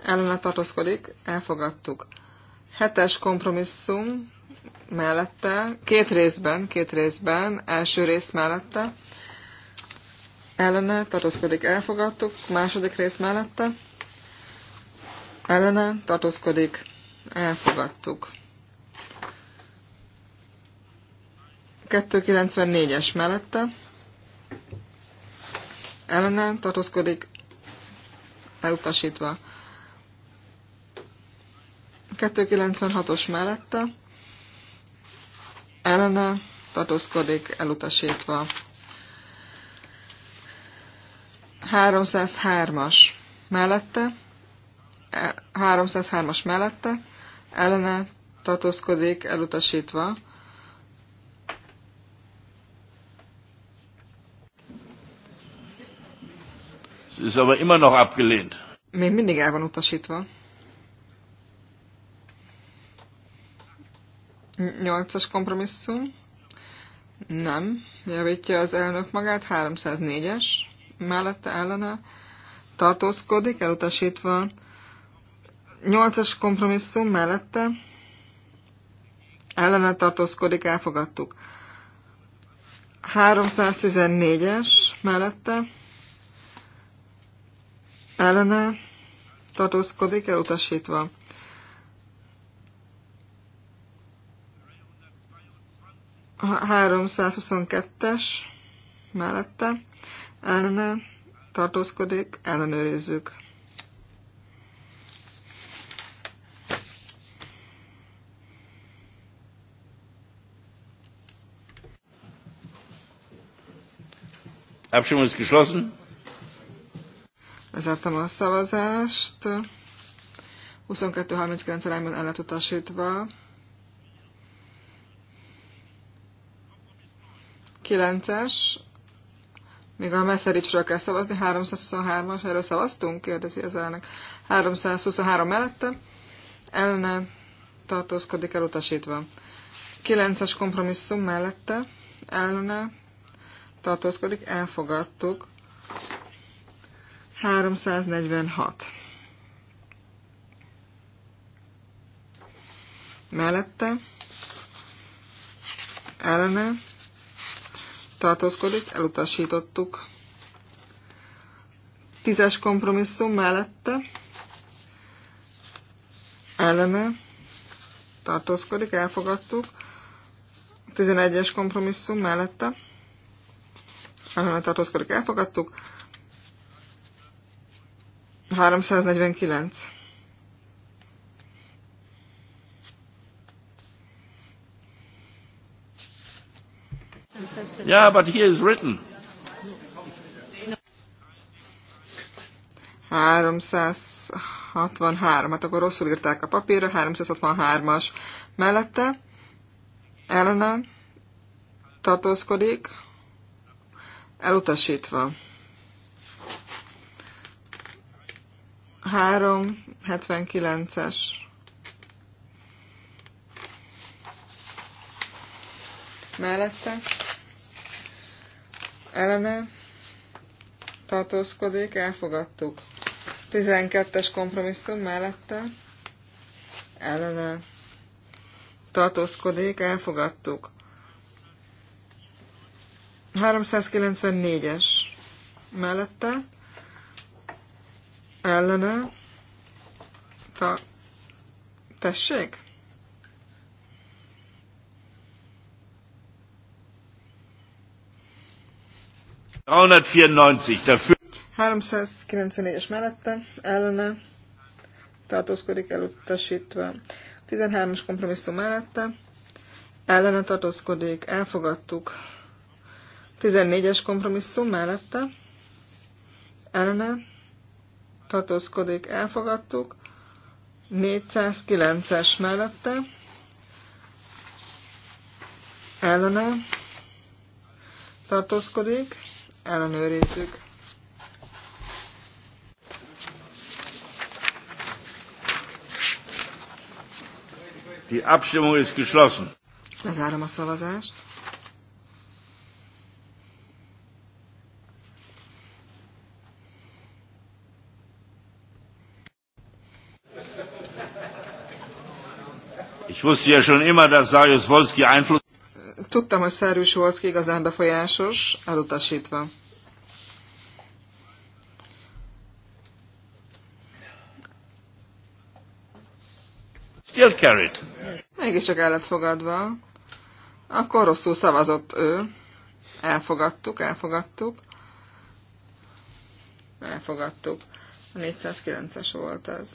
ellene tartózkodik, elfogadtuk. Hetes kompromisszum mellette, két részben, két részben, első rész mellette, ellene tartózkodik, elfogadtuk, második rész mellette, ellene tartózkodik, elfogadtuk. 294-es mellette, ellene tartózkodik, elutasítva. 296-os mellette, ellene tartózkodik elutasítva. 303-as mellette, 303-as e, mellette, ellene tartózkodik elutasítva. Ez aber immer noch abgelehnt. Még mindig el van utasítva. Nyolcas kompromisszum. Nem. Javítja az elnök magát. 304-es. Mellette ellene tartózkodik, elutasítva. Nyolcas kompromisszum mellette ellene tartózkodik, elfogadtuk. 314-es mellette ellene tartózkodik, elutasítva. 322-es mellette ellene tartózkodik, ellenőrizzük. Abstimmung ist geschlossen. Lezártam a szavazást. 22-39 arányban el lett utasítva. 9-es, még a Meszericsről kell szavazni, 323-as, erről szavaztunk, kérdezi az elnök. 323 mellette, ellene tartózkodik elutasítva. 9-es kompromisszum mellette, ellene tartózkodik, elfogadtuk. 346. Mellette, ellene tartózkodik, elutasítottuk. Tízes kompromisszum mellette, ellene, tartózkodik, elfogadtuk. Tizenegyes kompromisszum mellette, ellene tartózkodik, elfogadtuk. 349 Yeah, but here is written. 363, hát akkor rosszul írták a papírra, 363-as mellette, ellene tartózkodik, elutasítva. 379-es. Mellette ellene tartózkodik, elfogadtuk. 12-es kompromisszum mellette ellene tartózkodik, elfogadtuk. 394-es mellette ellene ta, tessék? 394 dafür. 394-es mellette, ellene tartózkodik elutasítva. 13-as kompromisszum mellette, ellene tartózkodik, elfogadtuk. 14-es kompromisszum mellette, ellene tartózkodik, elfogadtuk. 409-es mellette, ellene tartózkodik, ellenőrizzük. Die Abstimmung ist geschlossen. Lezárom a szavazást. Ich wusste ja schon immer, dass Sajus Wolski Einfluss Tudtam, hogy Szerű Solszki igazán befolyásos, elutasítva. Still carried. Mégiscsak el lett fogadva. Akkor rosszul szavazott ő. Elfogadtuk, elfogadtuk. Elfogadtuk. 409-es volt ez.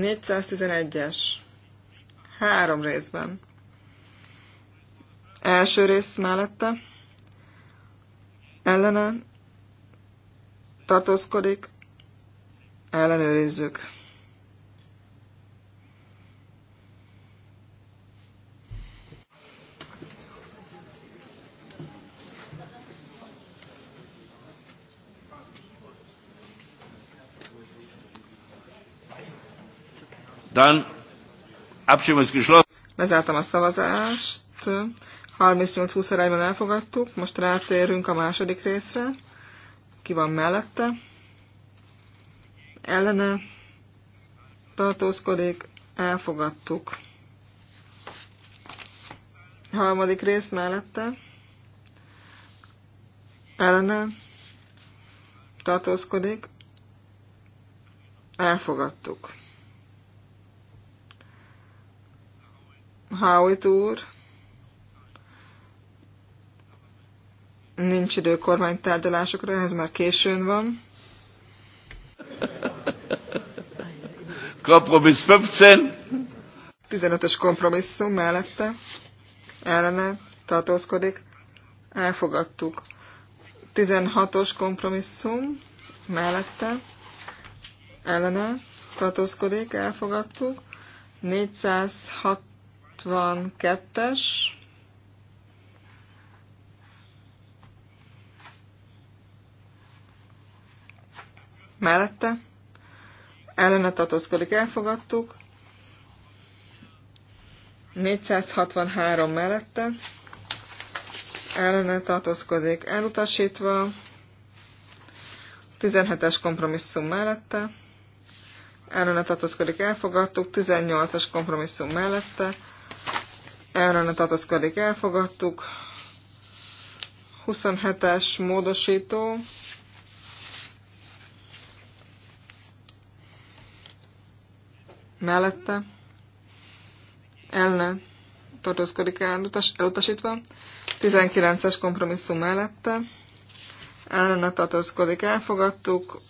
411-es. Három részben. Első rész mellette. Ellene tartózkodik. Ellenőrizzük. Dann Abstimmung ist geschlossen. Lezártam a szavazást. 38-20 arányban elfogadtuk. Most rátérünk a második részre. Ki van mellette? Ellene tartózkodik. Elfogadtuk. Harmadik rész mellette. Ellene tartózkodik. Elfogadtuk. Howitt úr. Nincs idő kormánytárgyalásokra, ez már későn van. Kompromiss 15. 15-ös kompromisszum mellette ellene tartózkodik. Elfogadtuk. 16-os kompromisszum mellette ellene tartózkodik, elfogadtuk. 406 62-es. Mellette. Ellene tartózkodik, elfogadtuk. 463 mellette. Ellene tartózkodik, elutasítva. 17-es kompromisszum mellette. Ellene tartózkodik, elfogadtuk. 18-as kompromisszum mellette a tartozkodik elfogadtuk. 27-es módosító. Mellette elne tartózkodik elutas, elutasítva. 19-es kompromisszum mellette Elne tartózkodik, elfogadtuk.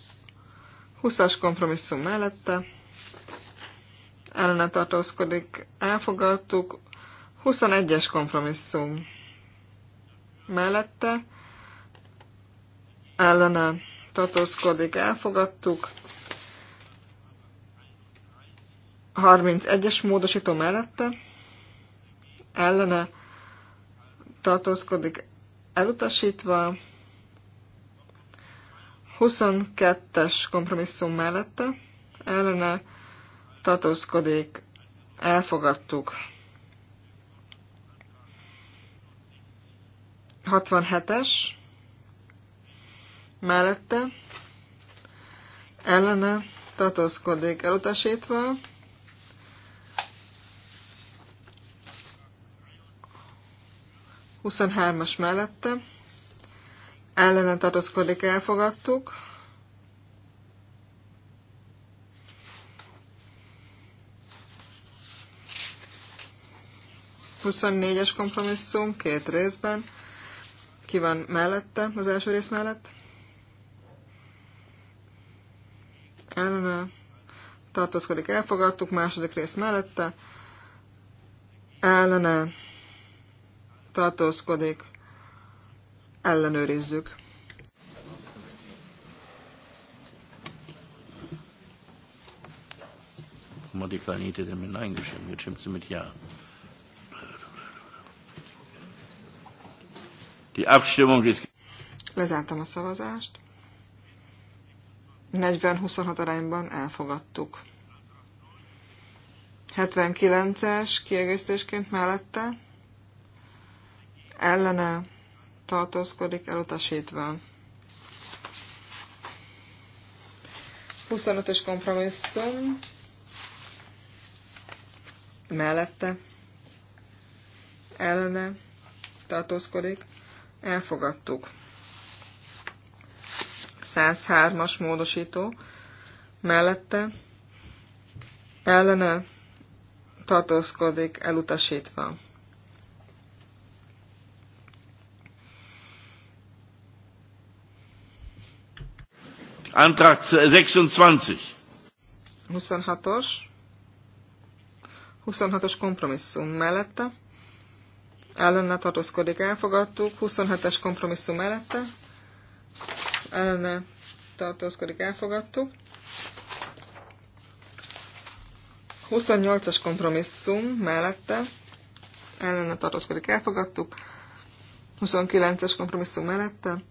20-as kompromisszum mellette Elne tartózkodik, elfogadtuk. 21-es kompromisszum. Mellette ellene tartózkodik, elfogadtuk. 31-es módosító mellette ellene tartózkodik, elutasítva. 22-es kompromisszum mellette ellene tartózkodik, elfogadtuk. 67-es mellette ellene tartózkodik elutasítva. Huszonhármas mellette ellene tartózkodik elfogadtuk. Huszonnégyes kompromisszum két részben ki van mellette, az első rész mellett? Ellene tartózkodik, elfogadtuk, második rész mellette. Ellene tartózkodik, ellenőrizzük. Mal die kleine nem, damit eingestimmt. Jetzt stimmt Die Abstimmung ist... Lezártam a szavazást. 40-26 arányban elfogadtuk. 79-es kiegészítésként mellette ellene tartózkodik elutasítva. 25-ös kompromisszum mellette ellene tartózkodik elfogadtuk. 103-as módosító mellette ellene tartózkodik elutasítva. Antrag 26. 26-os. 26-os kompromisszum mellette ellene tartózkodik, elfogadtuk. 27-es kompromisszum mellette ellene tartózkodik, elfogadtuk. 28-as kompromisszum mellette ellene tartózkodik, elfogadtuk. 29-es kompromisszum mellette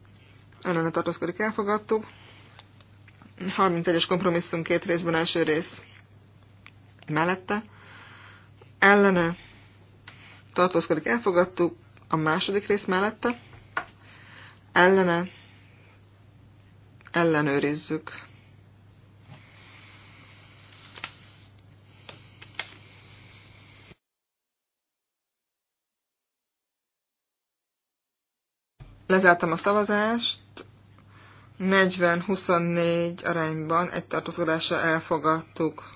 ellene tartózkodik, elfogadtuk. 31-es kompromisszum két részben első rész mellette ellene tartózkodik, elfogadtuk. A második rész mellette ellene ellenőrizzük. Lezártam a szavazást, 40-24 arányban egy tartózkodásra elfogadtuk.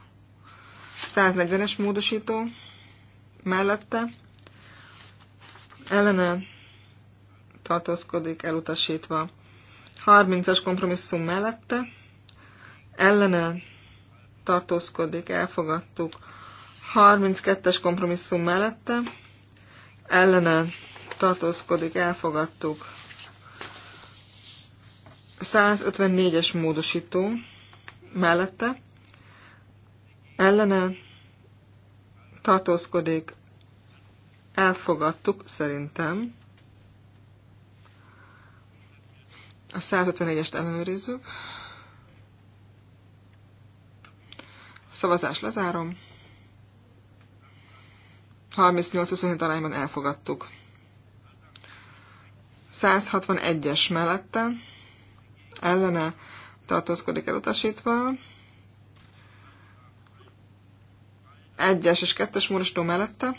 140-es módosító mellette ellene tartózkodik elutasítva. 30-as kompromisszum mellette ellene tartózkodik, elfogadtuk. 32-es kompromisszum mellette ellene tartózkodik, elfogadtuk. 154-es módosító mellette ellene tartózkodik, Elfogadtuk, szerintem. A 151 est ellenőrizzük. A szavazást lezárom. 38-27 arányban elfogadtuk. 161-es mellette ellene tartózkodik elutasítva. 1-es és 2-es mellette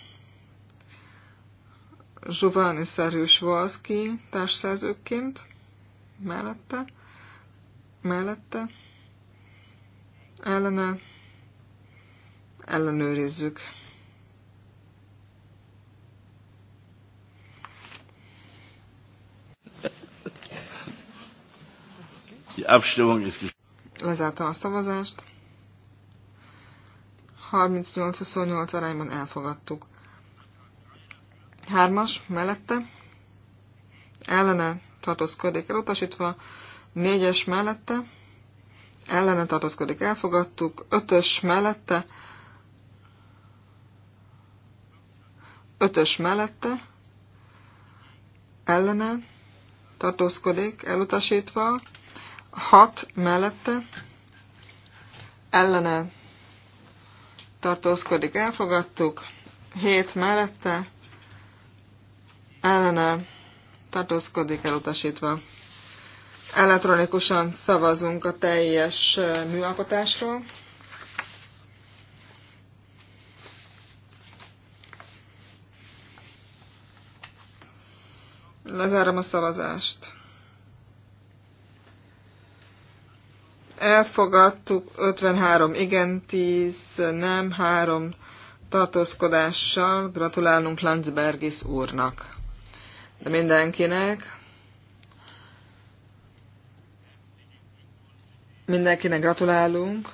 Giovanni Szerűs Valszki társszerzőként mellette, mellette, ellene ellenőrizzük. Lezártam a szavazást. 38-28 arányban elfogadtuk. Hármas mellette ellene tartózkodik elutasítva. Négyes mellette ellene tartózkodik elfogadtuk. Ötös mellette ötös mellette ellene tartózkodik elutasítva. Hat mellette ellene tartózkodik elfogadtuk. Hét mellette ellene tartózkodik elutasítva. Elektronikusan szavazunk a teljes műalkotásról. Lezárom a szavazást. Elfogadtuk 53 igen, 10 nem, 3 tartózkodással. Gratulálunk Landsbergis úrnak de mindenkinek. Mindenkinek gratulálunk,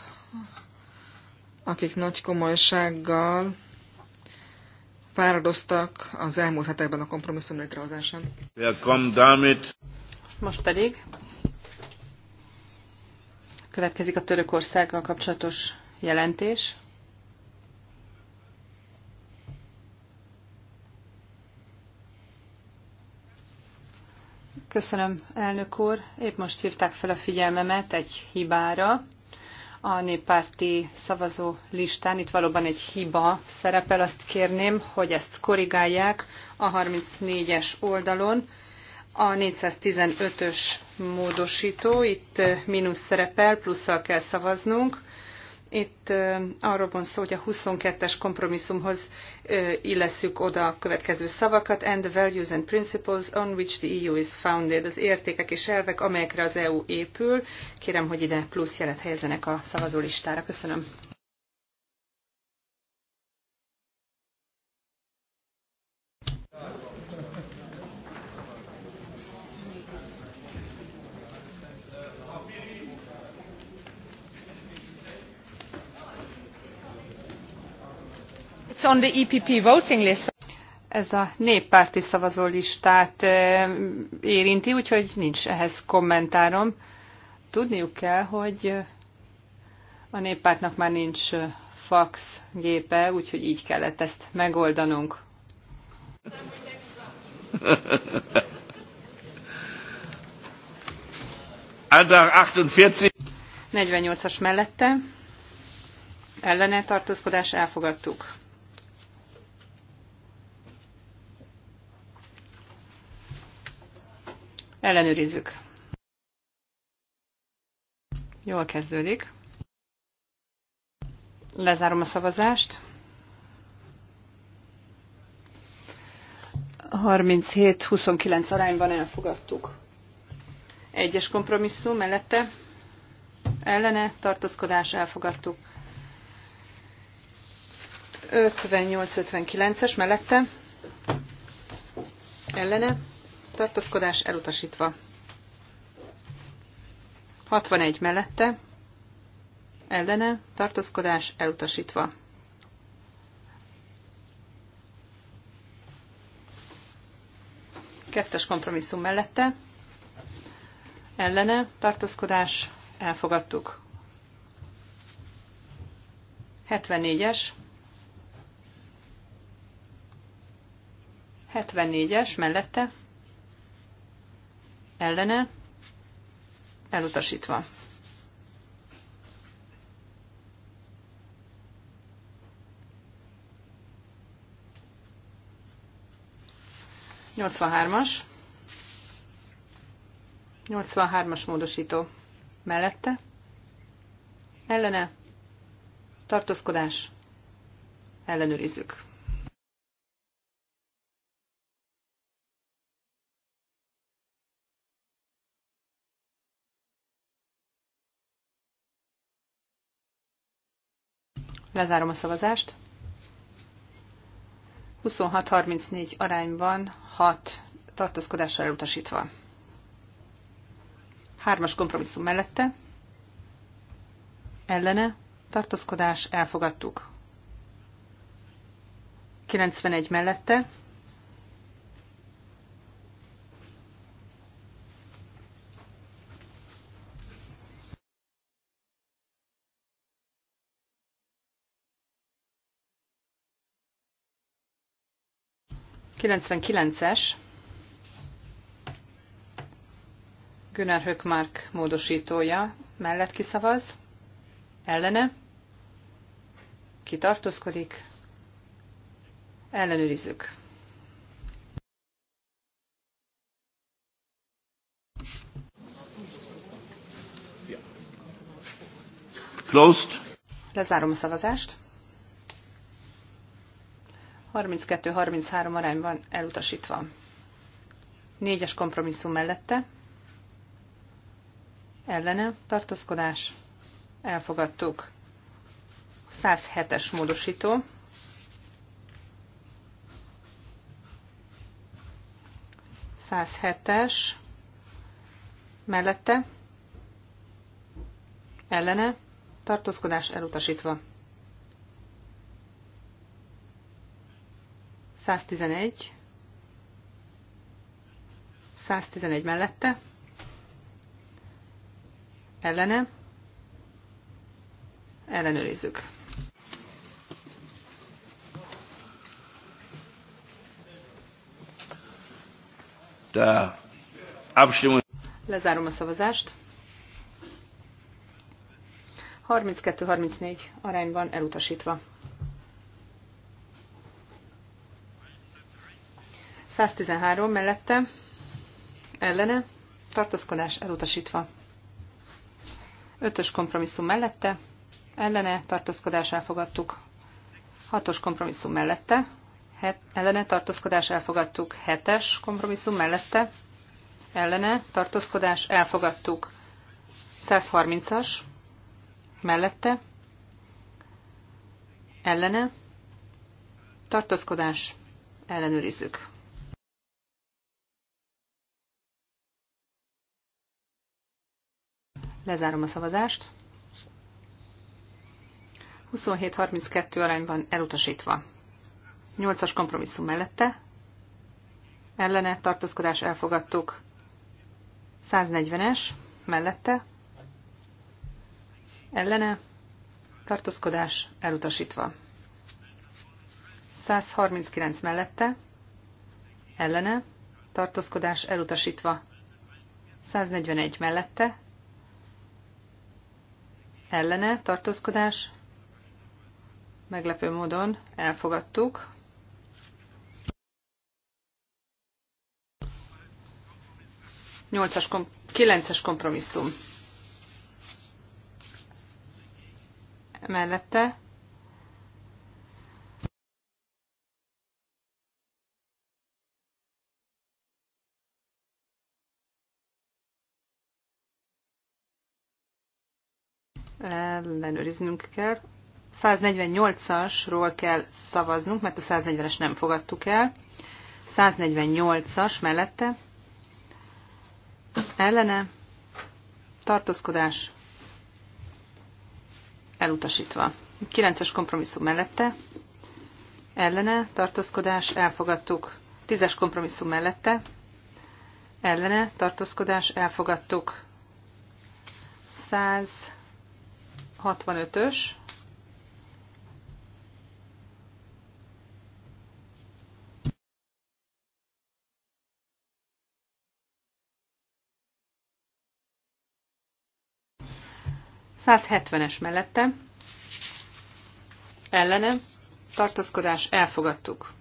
akik nagy komolysággal fáradoztak az elmúlt hetekben a kompromisszum létrehozásán. Most pedig következik a Törökországgal kapcsolatos jelentés. Köszönöm, elnök úr. Épp most hívták fel a figyelmemet egy hibára a néppárti szavazó listán. Itt valóban egy hiba szerepel. Azt kérném, hogy ezt korrigálják a 34-es oldalon. A 415-ös módosító, itt eh, mínusz szerepel, plusszal kell szavaznunk. Itt arról van szó, hogy a 22-es kompromisszumhoz illeszük oda a következő szavakat, and the values and principles on which the EU is founded, az értékek és elvek, amelyekre az EU épül. Kérem, hogy ide plusz jelet helyezzenek a szavazólistára. Köszönöm. E Ez a néppárti szavazólistát érinti, úgyhogy nincs ehhez kommentárom. Tudniuk kell, hogy a néppártnak már nincs fax gépe, úgyhogy így kellett ezt megoldanunk. Antrag 48. 48-as mellette ellene tartózkodás elfogadtuk. Ellenőrizzük. Jól kezdődik. Lezárom a szavazást. 37-29 arányban elfogadtuk. Egyes kompromisszum mellette ellene tartózkodás elfogadtuk. 58-59-es mellette ellene tartózkodás elutasítva. 61 mellette, ellene, tartózkodás elutasítva. Kettes kompromisszum mellette, ellene, tartózkodás elfogadtuk. 74-es, 74-es mellette, ellene, elutasítva. Nyolcvanhármas. 83-as módosító. Mellette? Ellene? Tartózkodás? Ellenőrizzük. Lezárom a szavazást. 26-34 arányban 6 tartózkodásra elutasítva. Hármas kompromisszum mellette. Ellene. Tartózkodás. Elfogadtuk. 91 mellette. 99-es Günár Hökmark módosítója mellett kiszavaz, ellene, kitartózkodik, ellenőrizzük. Closed. Lezárom a szavazást. 32-33 arányban elutasítva. Négyes kompromisszum mellette. Ellene tartózkodás. Elfogadtuk. 107-es módosító. es mellette, ellene, tartózkodás elutasítva. 111, 111 mellette, ellene, ellenőrizzük. De Lezárom a szavazást. 32-34 arányban elutasítva. 113 mellette, ellene, tartózkodás elutasítva. 5-ös kompromisszum mellette, ellene, tartózkodás elfogadtuk. 6-os kompromisszum mellette, het, ellene, tartózkodás elfogadtuk. 7-es kompromisszum mellette, ellene, tartózkodás elfogadtuk. 130-as mellette, ellene, tartózkodás ellenőrizzük. Lezárom a szavazást. 27-32 arányban elutasítva. 8-as kompromisszum mellette. Ellene tartózkodás elfogadtuk. 140-es mellette. Ellene tartózkodás elutasítva. 139 mellette. Ellene tartózkodás elutasítva. 141 mellette ellene tartózkodás meglepő módon elfogadtuk. Nyolcas, kilences kompromisszum. Mellette ellenőriznünk kell. 148-asról kell szavaznunk, mert a 140-es nem fogadtuk el. 148-as mellette ellene tartózkodás elutasítva. 9-es kompromisszum mellette ellene tartózkodás elfogadtuk. 10-es kompromisszum mellette ellene tartózkodás elfogadtuk. 100 65-ös. es mellette. Ellene. Tartózkodás. Elfogadtuk.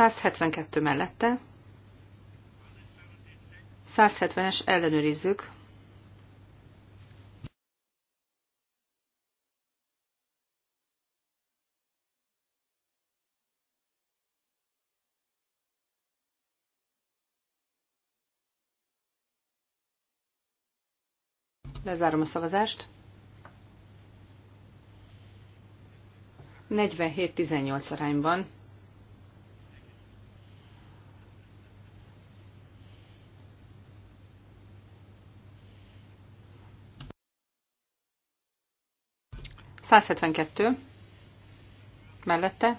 172 mellette. 170-es ellenőrizzük. Lezárom a szavazást. 47-18 arányban 172 mellette,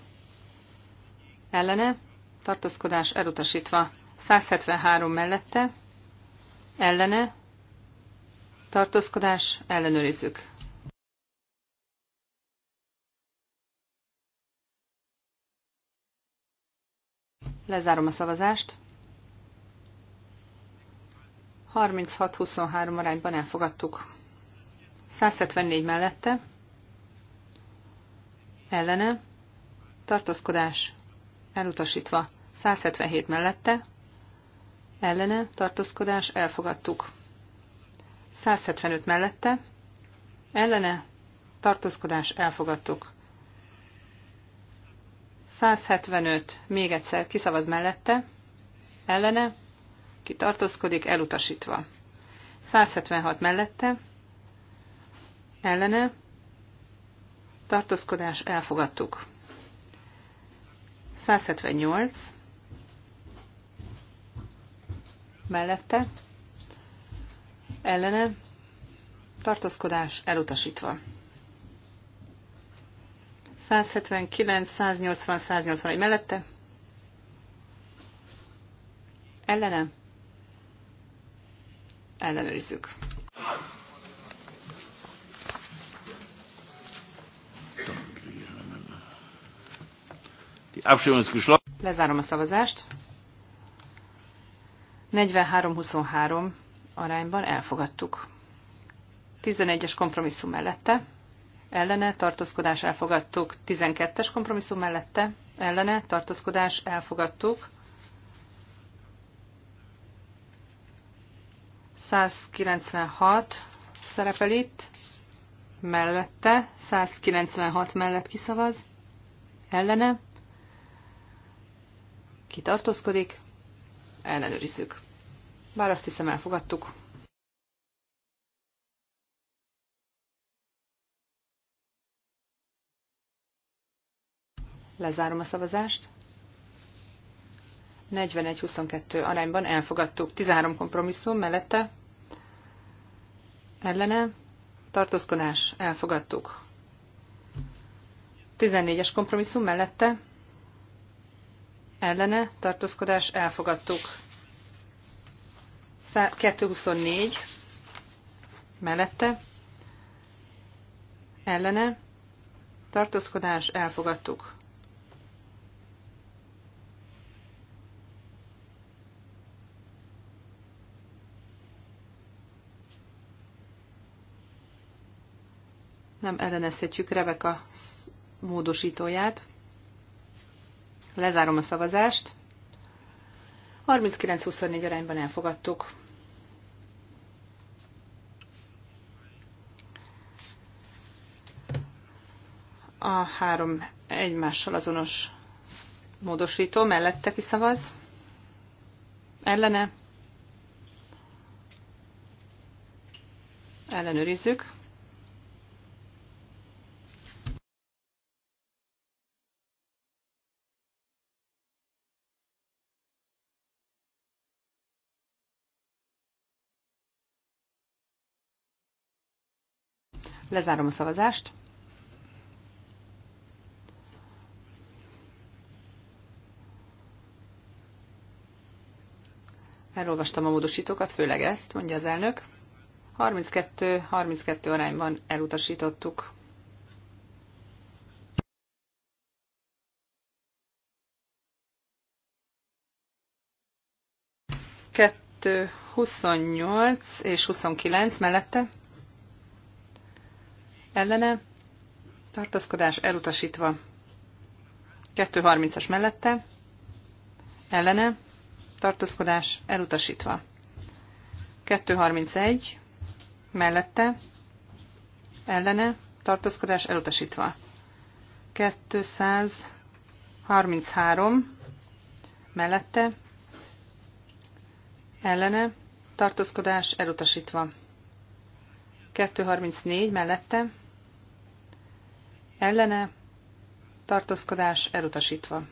ellene, tartózkodás elutasítva. 173 mellette, ellene, tartózkodás, ellenőrizzük. Lezárom a szavazást. 36-23 arányban elfogadtuk. 174 mellette, ellene, tartózkodás elutasítva. 177 mellette, ellene, tartózkodás elfogadtuk. 175 mellette, ellene, tartózkodás elfogadtuk. 175 még egyszer kiszavaz mellette, ellene, ki tartózkodik elutasítva. 176 mellette, ellene, tartózkodás elfogadtuk. 178 mellette ellene tartózkodás elutasítva. 179, 180, 181 mellette ellene ellenőrizzük. Lezárom a szavazást. 43-23 arányban elfogadtuk. 11-es kompromisszum mellette, ellene tartózkodás elfogadtuk. 12-es kompromisszum mellette, ellene tartózkodás elfogadtuk. 196 szerepel itt, mellette, 196 mellett kiszavaz, ellene, ki tartózkodik? Ellenőrizzük. Bár azt hiszem elfogadtuk. Lezárom a szavazást. 41-22 arányban elfogadtuk. 13 kompromisszum mellette. Ellene. Tartózkodás. Elfogadtuk. 14-es kompromisszum mellette ellene tartózkodás elfogadtuk. 224 mellette ellene tartózkodás elfogadtuk. Nem ellenezhetjük Rebeka módosítóját. Lezárom a szavazást. 39-24 arányban elfogadtuk. A három egymással azonos módosító mellette kiszavaz. Ellene. Ellenőrizzük. Lezárom a szavazást. Elolvastam a módosítókat, főleg ezt, mondja az elnök. 32-32 arányban elutasítottuk. Kettő 28 és 29 mellette ellene, tartózkodás elutasítva. 230-as mellette, ellene, tartózkodás elutasítva. 231 mellette, ellene, tartózkodás elutasítva. 233 mellette, ellene, tartózkodás elutasítva. 234 mellette, ellene, tartózkodás elutasítva.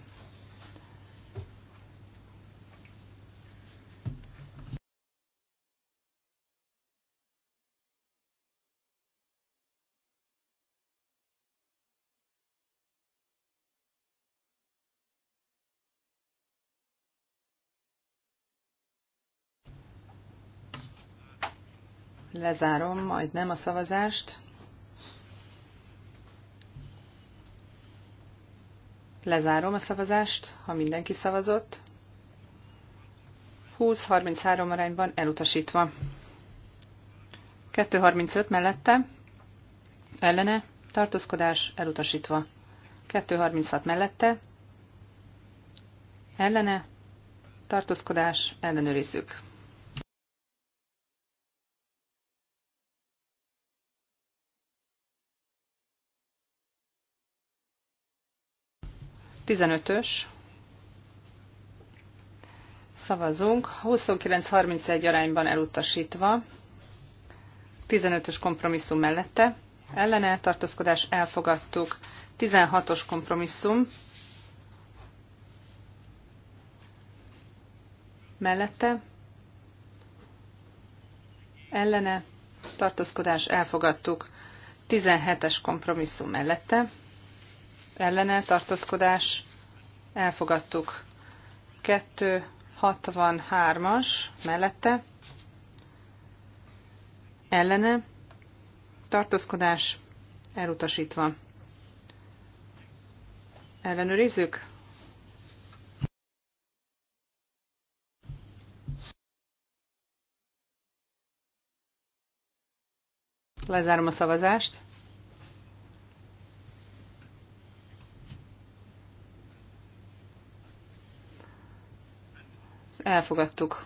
lezárom majdnem a szavazást. Lezárom a szavazást, ha mindenki szavazott. 20-33 arányban elutasítva. 235 mellette, ellene, tartózkodás elutasítva. 236 mellette, ellene, tartózkodás, ellenőrizzük. 15-ös. Szavazunk. 29-31 arányban elutasítva. 15-ös kompromisszum mellette. Ellene tartózkodás elfogadtuk. 16-os kompromisszum. Mellette. Ellene tartózkodás elfogadtuk. 17-es kompromisszum mellette ellene tartózkodás elfogadtuk. 263-as mellette ellene tartózkodás elutasítva. Ellenőrizzük. Lezárom a szavazást. elfogadtuk.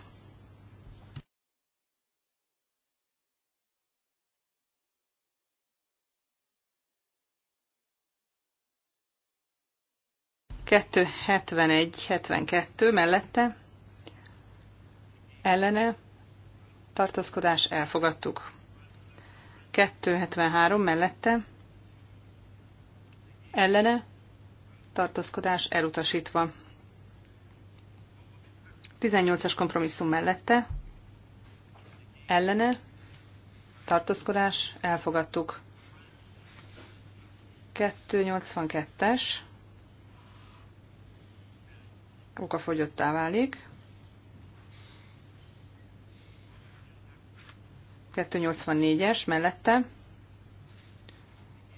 Kettő 71, 72 mellette ellene tartózkodás elfogadtuk. 273 mellette ellene tartózkodás elutasítva. 18-as kompromisszum mellette, ellene, tartózkodás, elfogadtuk. 282-es, okafogyottá válik. 284-es mellette,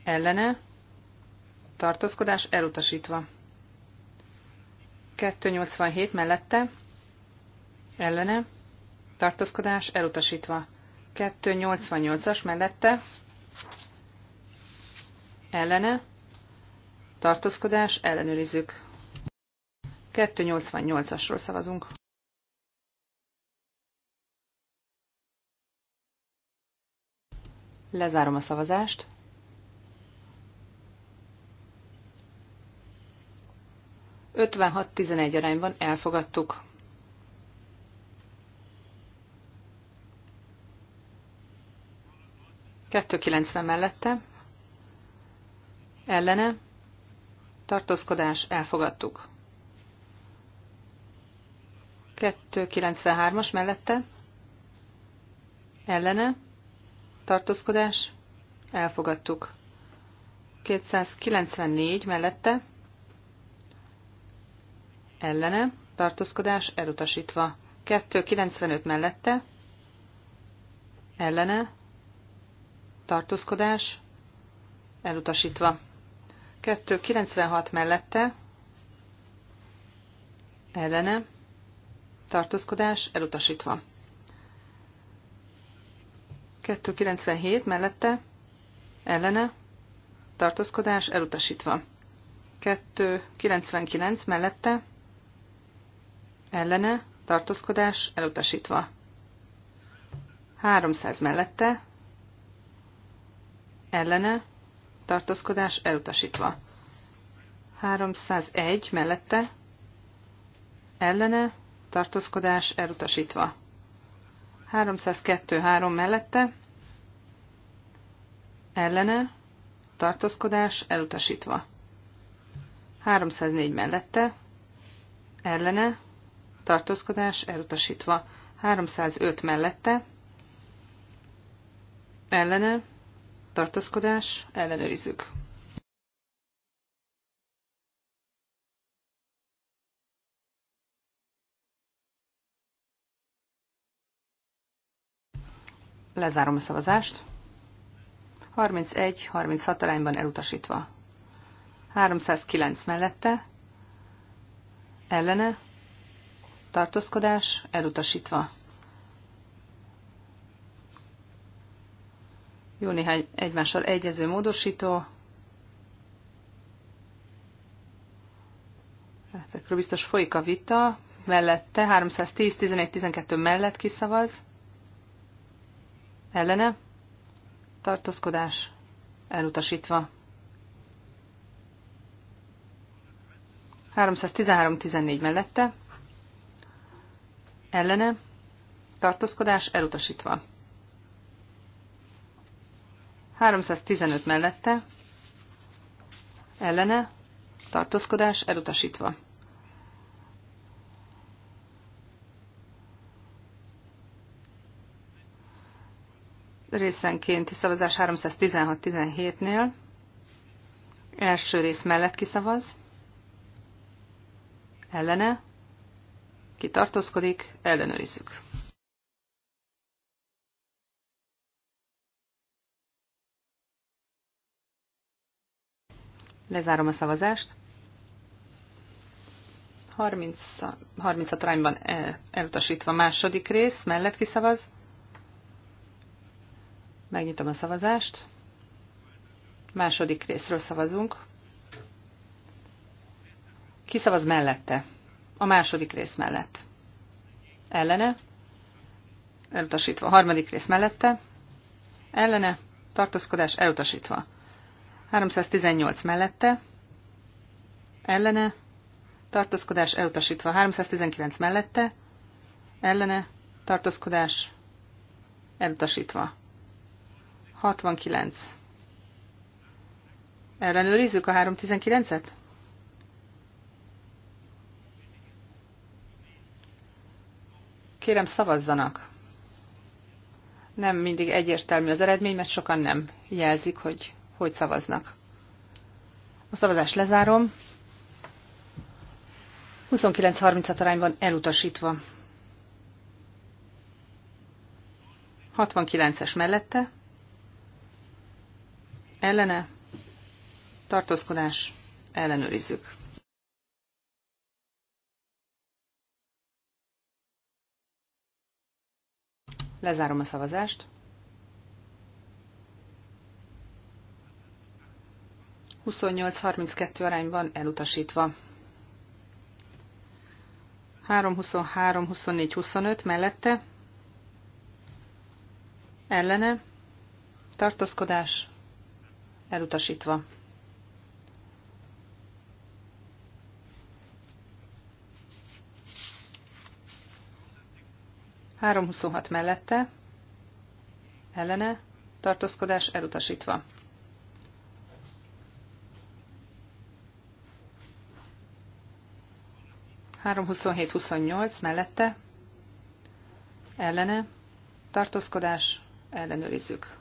ellene, tartózkodás elutasítva. 287 mellette, ellene, tartózkodás elutasítva. 288-as mellette, ellene, tartózkodás ellenőrizzük. 288-asról szavazunk. Lezárom a szavazást. Ötvenhat tizenegy arányban elfogadtuk. 290 mellette, ellene, tartózkodás, elfogadtuk. 293-as mellette, ellene, tartózkodás, elfogadtuk. 294 mellette, ellene, tartózkodás, elutasítva. 295 mellette, ellene, tartózkodás, elutasítva. 296 mellette, ellene, tartózkodás, elutasítva. 297 mellette, ellene, tartózkodás, elutasítva. 299 mellette, ellene, tartózkodás, elutasítva. 300 mellette, ellene, tartózkodás elutasítva. 301 mellette, ellene, tartózkodás elutasítva. 302-3 mellette, ellene, tartózkodás elutasítva. 304 mellette, ellene, tartózkodás elutasítva. 305 mellette, ellene, tartózkodás, ellenőrizzük. Lezárom a szavazást. 31-36 arányban elutasítva. 309 mellette, ellene, tartózkodás, elutasítva. Jó néhány egymással egyező módosító. Ezekről biztos folyik a vita. Mellette 310, 11, 12 mellett kiszavaz. Ellene. Tartózkodás. Elutasítva. 313-14 mellette. Ellene. Tartózkodás elutasítva. 315 mellette, ellene, tartózkodás elutasítva. Részenkénti szavazás 316-17-nél. Első rész mellett kiszavaz. Ellene. Kitartózkodik. Ellenőrizzük. Lezárom a szavazást. 30, 36 arányban el, eh, elutasítva második rész, mellett kiszavaz. Megnyitom a szavazást. Második részről szavazunk. Kiszavaz mellette. A második rész mellett. Ellene. Elutasítva. A harmadik rész mellette. Ellene. Tartózkodás elutasítva. 318 mellette, ellene, tartózkodás elutasítva. 319 mellette, ellene, tartózkodás elutasítva. 69. Ellenőrizzük a 319-et? Kérem, szavazzanak. Nem mindig egyértelmű az eredmény, mert sokan nem jelzik, hogy hogy szavaznak. A szavazás lezárom. 29 30 arányban elutasítva. 69-es mellette. Ellene. Tartózkodás. Ellenőrizzük. Lezárom a szavazást. 28-32 arányban elutasítva. 3-23-24-25 mellette ellene tartózkodás elutasítva. 326 mellette ellene tartózkodás elutasítva. 327-28 mellette, ellene, tartózkodás, ellenőrizzük.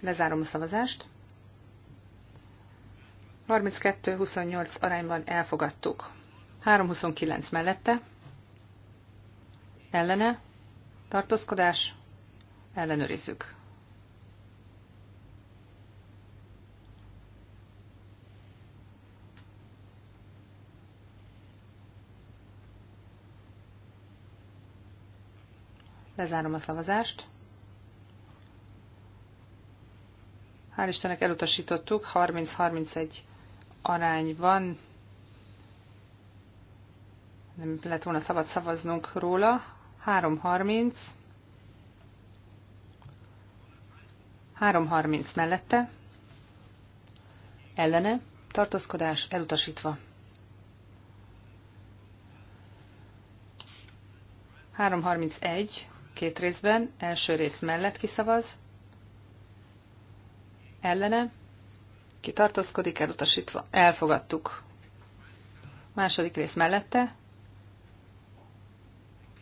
Lezárom a szavazást. 32-28 arányban elfogadtuk. 329 mellette, ellene, tartózkodás, ellenőrizzük. Lezárom a szavazást. Hál' Istennek elutasítottuk, 30-31 arány van. Nem lett volna szabad szavaznunk róla. 3-30. 3-30 mellette. Ellene. Tartózkodás elutasítva. 331 két részben, első rész mellett kiszavaz, ellene, kitartózkodik, elutasítva, elfogadtuk. Második rész mellette,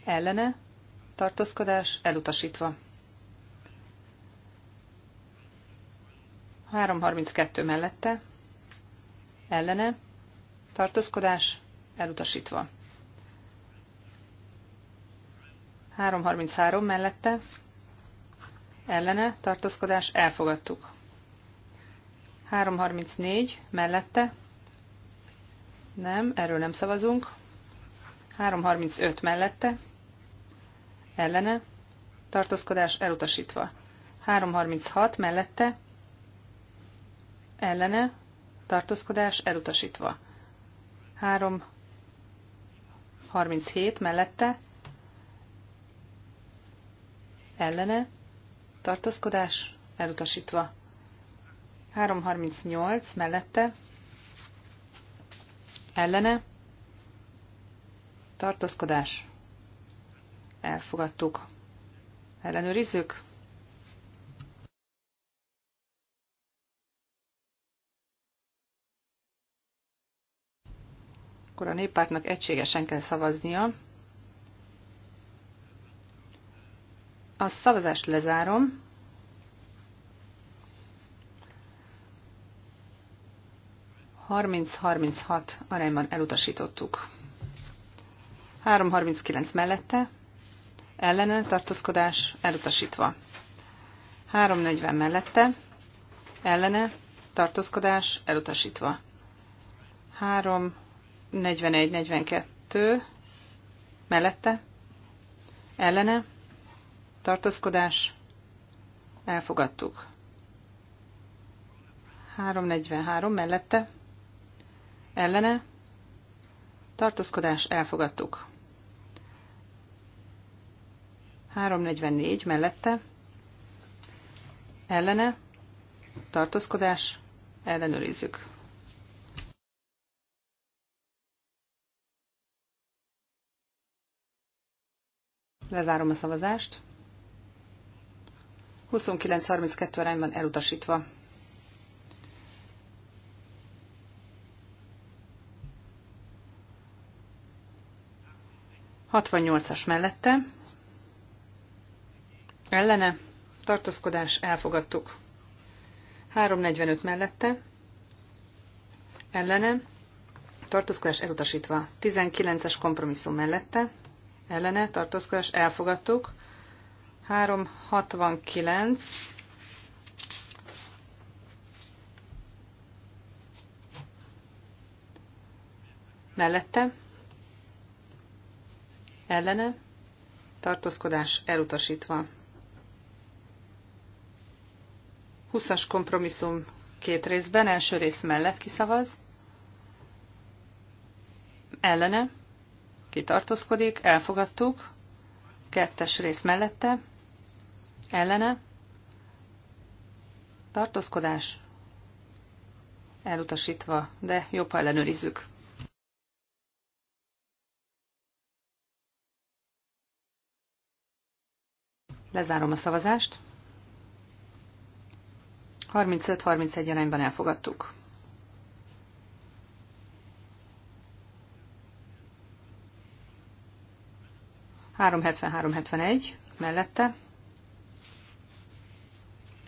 ellene, tartózkodás, elutasítva. 332 mellette, ellene, tartózkodás, elutasítva. 333 mellette ellene tartózkodás elfogadtuk. 334 mellette nem, erről nem szavazunk. 335 mellette ellene tartózkodás elutasítva. 336 mellette ellene tartózkodás elutasítva. 337 mellette ellene, tartózkodás elutasítva. 338 mellette, ellene, tartózkodás, elfogadtuk. Ellenőrizzük. Akkor a néppártnak egységesen kell szavaznia. A szavazást lezárom. Harminc, hat arányban elutasítottuk. 339 mellette, ellene tartózkodás elutasítva. 340 mellette, ellene tartózkodás elutasítva. 341-42 mellette, ellene tartózkodás, elfogadtuk. 343 mellette, ellene, tartózkodás, elfogadtuk. 344 mellette, ellene, tartózkodás, ellenőrizzük. Lezárom a szavazást. 29-32 arányban elutasítva. as mellette. Ellene. Tartózkodás. Elfogadtuk. 345 mellette. Ellene. Tartózkodás elutasítva. 19-es kompromisszum mellette. Ellene. Tartózkodás. Elfogadtuk. 369. Mellette. Ellene. Tartózkodás elutasítva. 20-as kompromisszum két részben, első rész mellett kiszavaz, ellene, kitartózkodik, elfogadtuk, kettes rész mellette, Ellene. Tartózkodás. Elutasítva, de jobb, ha ellenőrizzük. Lezárom a szavazást. 35-31 arányban elfogadtuk. Három 73-71 mellette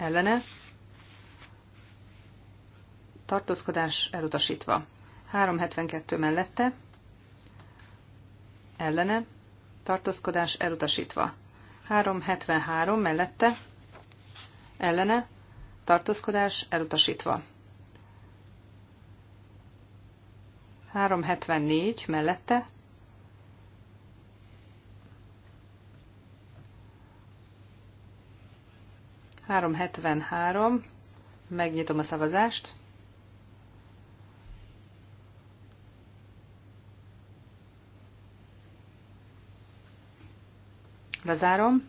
ellene, tartózkodás elutasítva. 372 mellette, ellene, tartózkodás elutasítva. 373 mellette, ellene, tartózkodás elutasítva. 374 mellette, 373. Megnyitom a szavazást. Lezárom.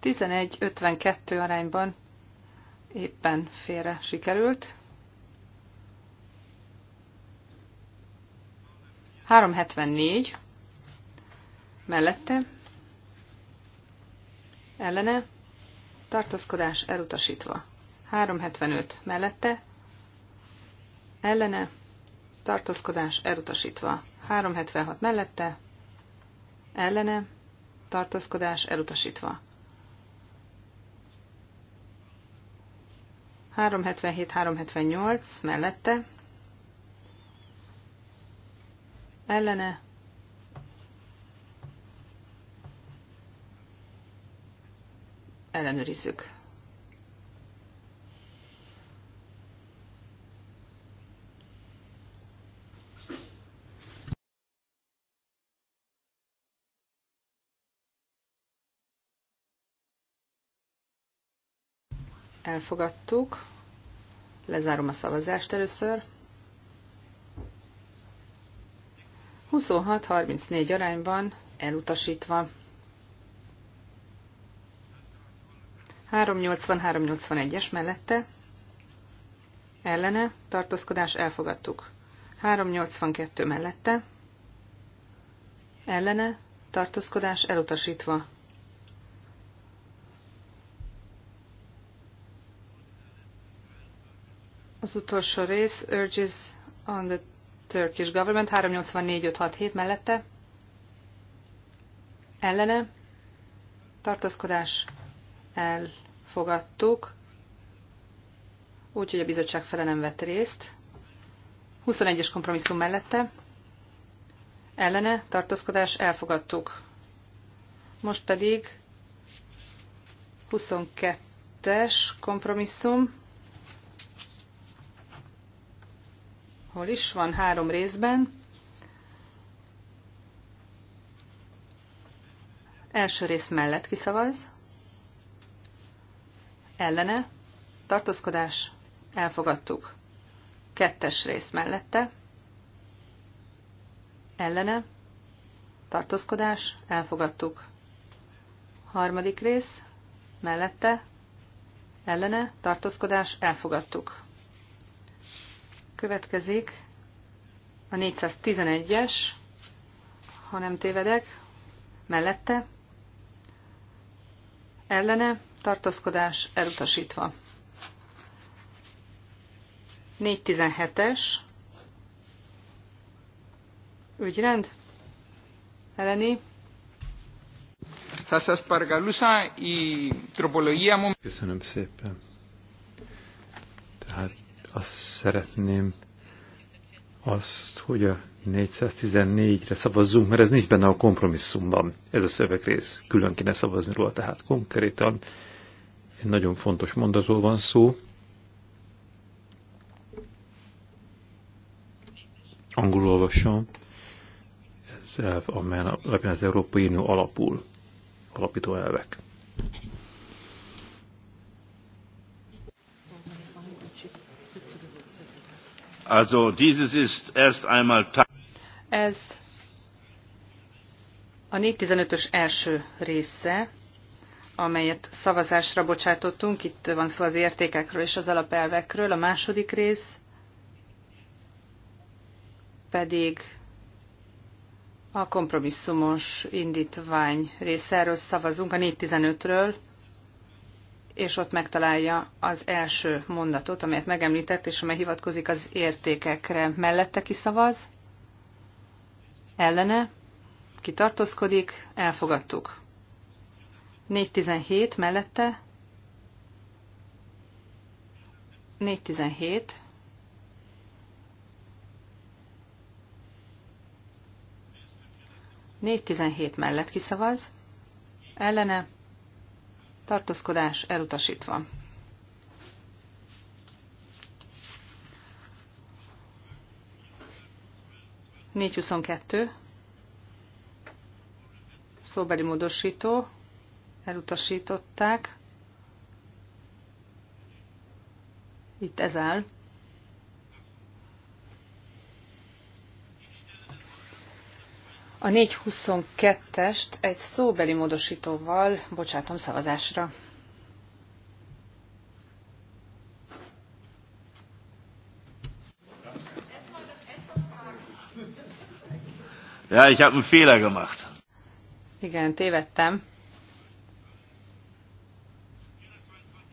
1152. arányban éppen félre sikerült. 374 mellette ellene, tartózkodás elutasítva. 375 mellette, ellene, tartózkodás elutasítva. 376 mellette, ellene, tartózkodás elutasítva. 377-378 mellette, ellene, ellenőrizzük. Elfogadtuk. Lezárom a szavazást először. 26-34 arányban elutasítva. 380-381-es mellette ellene tartózkodás elfogadtuk. 382 mellette ellene tartózkodás elutasítva. Az utolsó rész urges on the Turkish government 384-567 mellette ellene tartózkodás elfogadtuk, úgyhogy a bizottság fele nem vett részt. 21-es kompromisszum mellette ellene tartózkodás elfogadtuk. Most pedig 22-es kompromisszum. Hol is van? Három részben. Első rész mellett kiszavaz ellene, tartózkodás, elfogadtuk. Kettes rész mellette, ellene, tartózkodás, elfogadtuk. Harmadik rész, mellette, ellene, tartózkodás, elfogadtuk. Következik a 411-es, ha nem tévedek, mellette, ellene, tartózkodás elutasítva. 417-es ügyrend elleni. Θα Pargalusa, i η τροπολογία Köszönöm szépen. Tehát azt szeretném azt, hogy a 414-re szavazzunk, mert ez nincs benne a kompromisszumban, ez a szövegrész. Külön kéne szavazni róla, tehát konkrétan egy nagyon fontos mondatról van szó. Angolul olvasom. Ez elv, amelyen az Európai Unió alapul. Alapító elvek. Also dieses ist erst einmal Ez a 415-ös első része, amelyet szavazásra bocsátottunk. Itt van szó az értékekről és az alapelvekről. A második rész pedig a kompromisszumos indítvány részéről szavazunk, a 415-ről, és ott megtalálja az első mondatot, amelyet megemlített, és amely hivatkozik az értékekre. Mellette kiszavaz, ellene, kitartózkodik, elfogadtuk. 417 mellette. 417. Négy tizenhét mellett kiszavaz, ellene tartózkodás elutasítva. Négy huszonkettő szóbeli módosító elutasították. Itt ez áll. A 422-est egy szóbeli módosítóval bocsátom szavazásra. Ja, ich habe einen Fehler gemacht. Igen, tévedtem.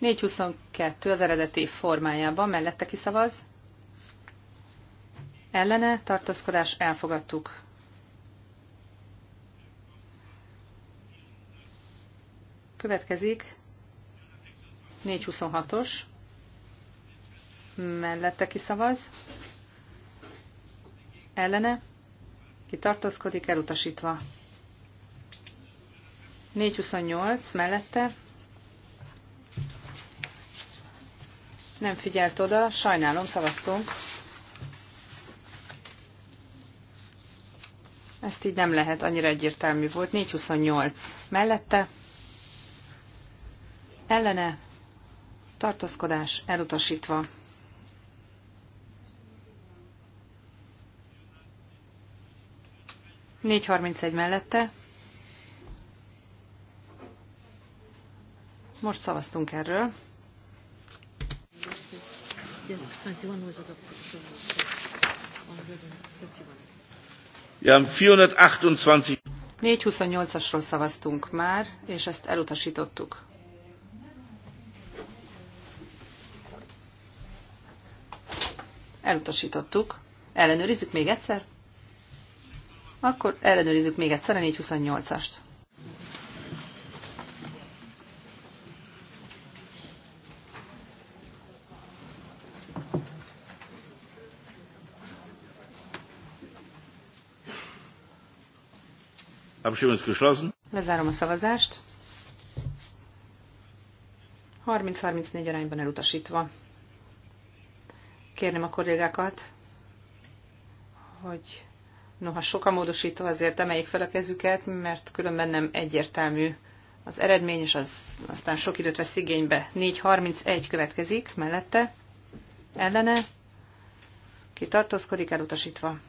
422 az eredeti formájában mellette kiszavaz. Ellene tartózkodás elfogadtuk. Következik 426-os. Mellette kiszavaz. Ellene. Ki tartózkodik elutasítva. 428 mellette nem figyelt oda, sajnálom, szavaztunk. Ezt így nem lehet, annyira egyértelmű volt. 428 mellette, ellene, tartózkodás elutasítva. Négy harmincegy mellette. Most szavaztunk erről. Ja, 428. 428-asról szavaztunk már, és ezt elutasítottuk. Elutasítottuk. Ellenőrizzük még egyszer? Akkor ellenőrizzük még egyszer a 428-ast. Abstimmung geschlossen. Lezárom a szavazást. 30-34 arányban elutasítva. Kérném a kollégákat, hogy noha sok a módosító, azért emeljék fel a kezüket, mert különben nem egyértelmű az eredmény, és az aztán sok időt vesz igénybe. 4.31 következik mellette, ellene, ki tartózkodik elutasítva.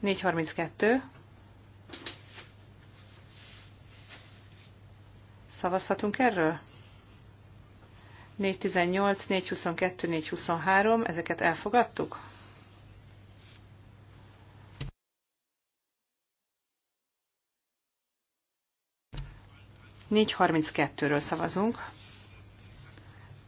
432. Szavazhatunk erről? 418, 422, 423, ezeket elfogadtuk? Négy harminckettőről szavazunk.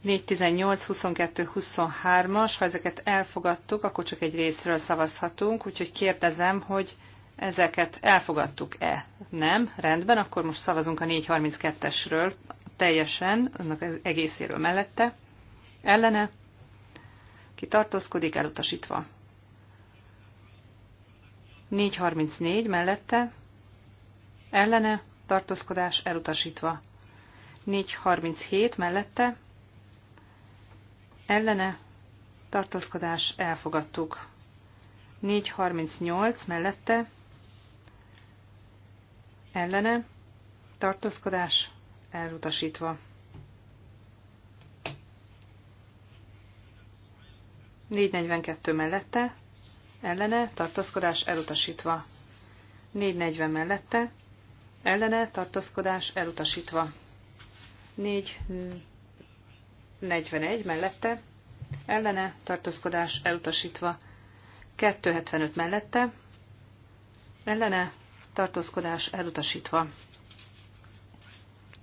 418, 22, 23-as, ha ezeket elfogadtuk, akkor csak egy részről szavazhatunk, úgyhogy kérdezem, hogy ezeket elfogadtuk-e? Nem? Rendben, akkor most szavazunk a 432-esről teljesen, annak egészéről mellette. Ellene? Ki tartózkodik, elutasítva. 434 mellette. Ellene? Tartózkodás, elutasítva. 437 mellette ellene tartózkodás elfogadtuk. 438 mellette ellene tartózkodás elutasítva. 442 mellette ellene tartózkodás elutasítva. 440 mellette ellene tartózkodás elutasítva. 4 41 mellette, ellene tartózkodás elutasítva. 275 mellette, ellene tartózkodás elutasítva.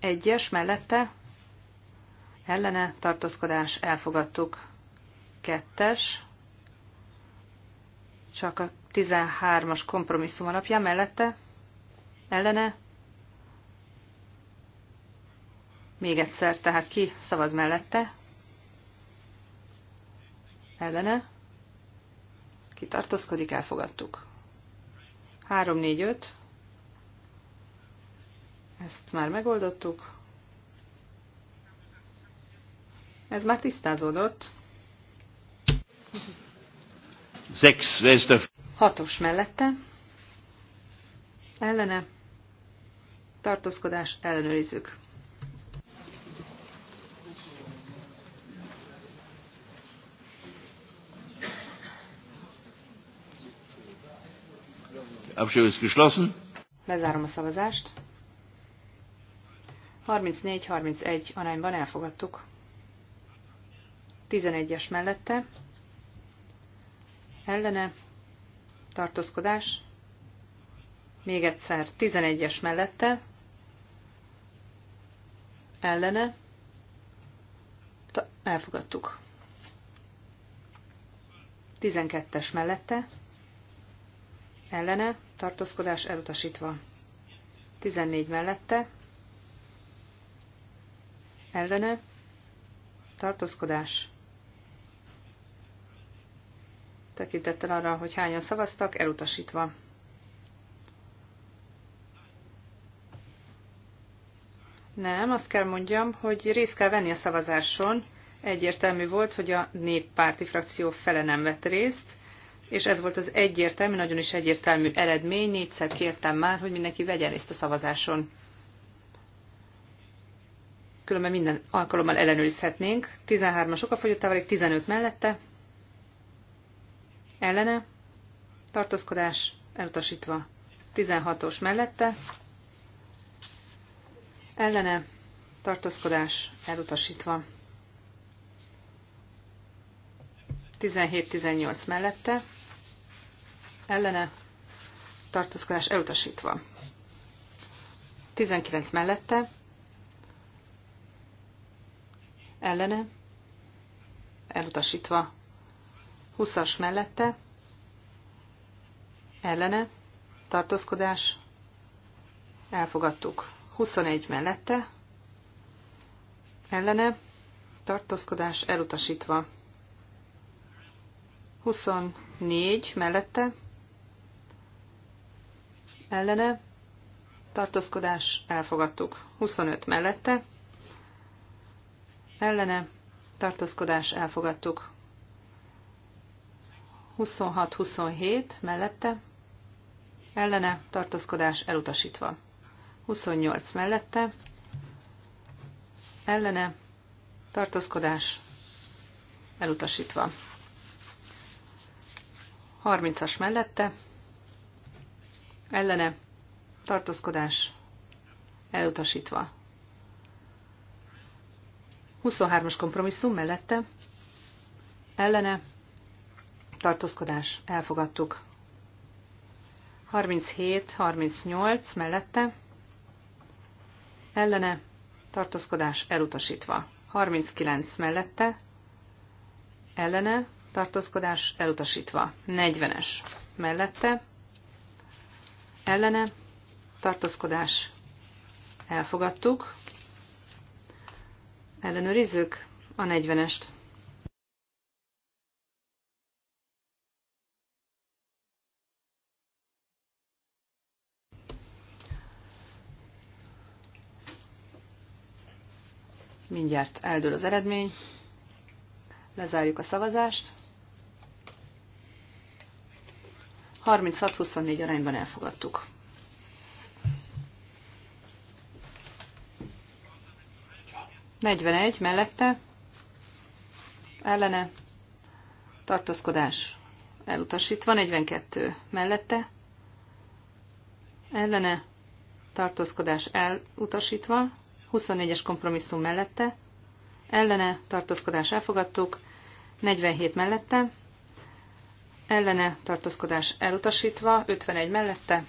Egyes mellette, ellene tartózkodás elfogadtuk. 2-es, csak a 13-as kompromisszum alapján mellette, ellene Még egyszer, tehát ki szavaz mellette? Ellene? Ki tartózkodik? Elfogadtuk. 3, 4, 5. Ezt már megoldottuk. Ez már tisztázódott. 6, Hatos mellette. Ellene. Tartózkodás ellenőrizzük. Abstimmung ist geschlossen. Lezárom a szavazást. 34-31 arányban elfogadtuk. 11-es mellette. Ellene. Tartózkodás. Még egyszer 11-es mellette. Ellene. Ta elfogadtuk. 12-es mellette. Ellene tartózkodás elutasítva. 14 mellette, ellene, tartózkodás. Tekintettel arra, hogy hányan szavaztak, elutasítva. Nem, azt kell mondjam, hogy részt kell venni a szavazáson. Egyértelmű volt, hogy a néppárti frakció fele nem vett részt, és ez volt az egyértelmű, nagyon is egyértelmű eredmény. Négyszer kértem már, hogy mindenki vegyen részt a szavazáson. Különben minden alkalommal ellenőrizhetnénk. 13-as okafogyottával, 15 mellette. Ellene. Tartózkodás elutasítva. 16-os mellette. Ellene. Tartózkodás elutasítva. 17-18 mellette ellene tartózkodás elutasítva. 19 mellette ellene elutasítva. 20-as mellette ellene tartózkodás elfogadtuk. 21 mellette ellene tartózkodás elutasítva. 24 mellette ellene, tartózkodás, elfogadtuk. 25 mellette, ellene, tartózkodás, elfogadtuk. 26-27 mellette, ellene, tartózkodás, elutasítva. 28 mellette, ellene, tartózkodás, elutasítva. 30-as mellette, ellene, tartózkodás, elutasítva. 23-as kompromisszum mellette, ellene, tartózkodás, elfogadtuk. 37-38 mellette, ellene, tartózkodás, elutasítva. 39 mellette, ellene, tartózkodás, elutasítva. 40-es mellette, ellene tartózkodás elfogadtuk. Ellenőrizzük a 40-est. Mindjárt eldől az eredmény. Lezárjuk a szavazást. 36-24 arányban elfogadtuk. Negyvenegy mellette, ellene, tartózkodás elutasítva, 42 mellette, ellene, tartózkodás elutasítva, 24-es kompromisszum mellette, ellene tartózkodás elfogadtuk, 47 mellette, ellene tartózkodás elutasítva, 51 mellette,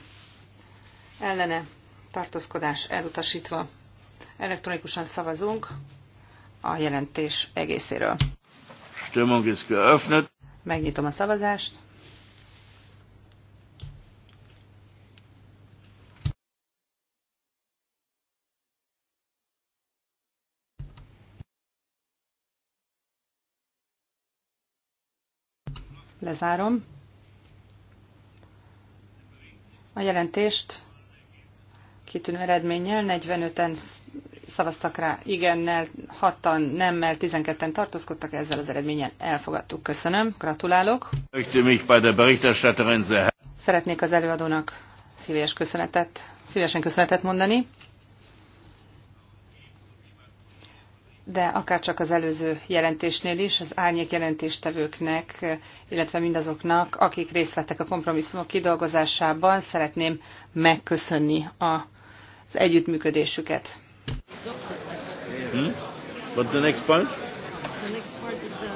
ellene tartózkodás elutasítva. Elektronikusan szavazunk a jelentés egészéről. Stimmung ist geöffnet. Megnyitom a szavazást. Lezárom. A jelentést kitűnő eredménnyel 45-en szavaztak rá igennel, 6-an nemmel, 12-en tartózkodtak ezzel az eredménnyel. Elfogadtuk. Köszönöm. Gratulálok. Szeretnék az előadónak szíves köszönetet, szívesen köszönetet mondani. de akár csak az előző jelentésnél is az árnyék jelentéstevőknek, illetve mindazoknak, akik részt vettek a kompromisszumok kidolgozásában, szeretném megköszönni a, az együttműködésüket. Hmm? But the next part? The next part is the,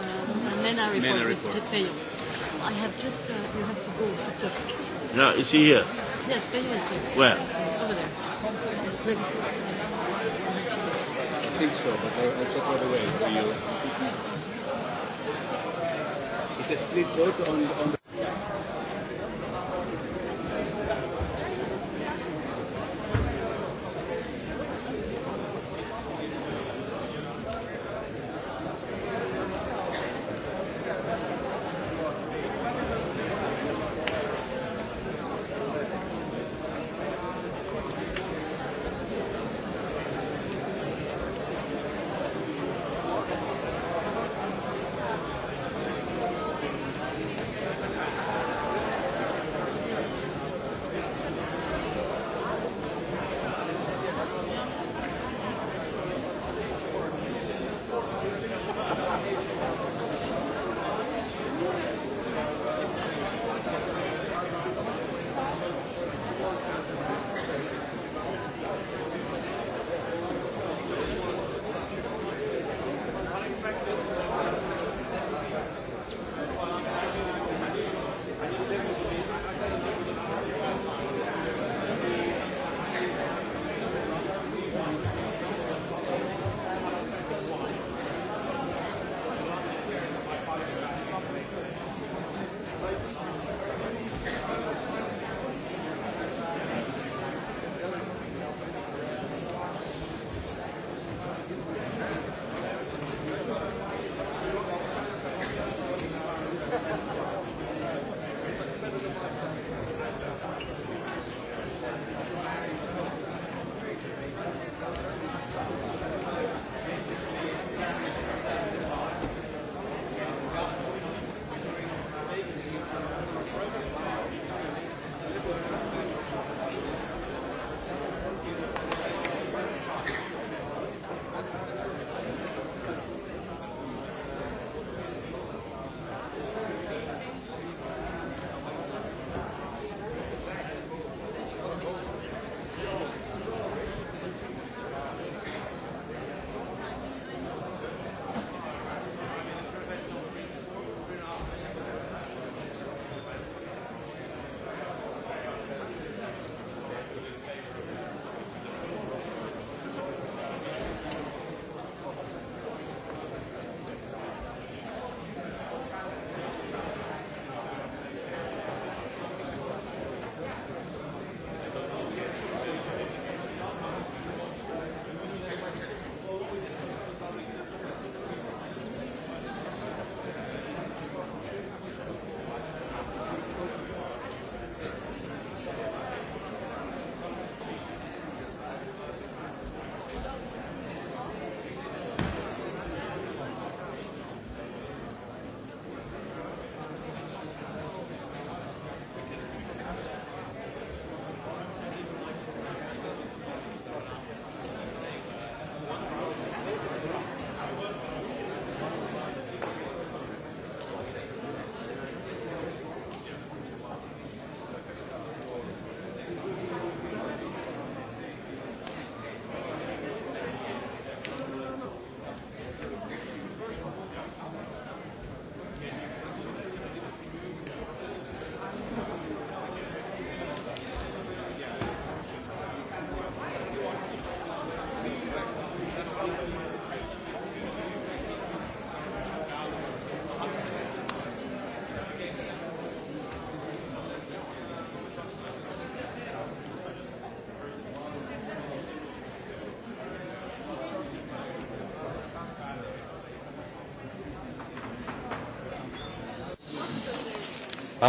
the NENA report, NENA report. I have just, uh, you have to go to Tusk. No, is he here? Yes, Peyo is here. Where? Over there think so, but I, I'll check right away for you. It's a split vote on, on the...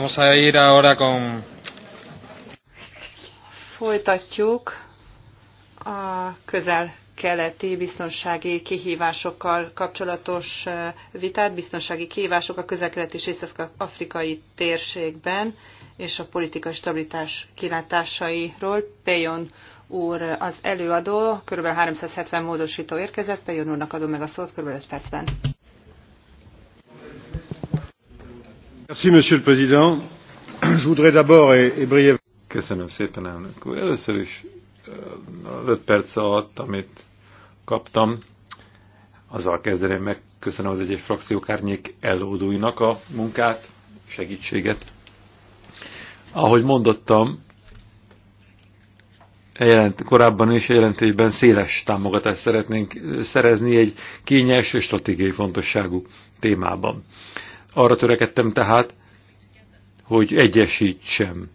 Vamos a ir ahora con... Folytatjuk a közel-keleti biztonsági kihívásokkal kapcsolatos vitát, biztonsági kihívások a közel-keleti és észak-afrikai térségben, és a politikai stabilitás kilátásairól. Pejon úr az előadó, kb. 370 módosító érkezett, Pejon úrnak adom meg a szót kb. 5 percben. Köszönöm szépen, elnök úr. Először is az öt perc alatt, amit kaptam, azzal kezdeném meg. Köszönöm az frakció frakciók árnyék előadóinak a munkát, segítséget. Ahogy mondottam, e jelent, korábban is e jelentésben széles támogatást szeretnénk szerezni egy kényes és stratégiai fontosságú témában. Arra törekedtem tehát, hogy egyesítsem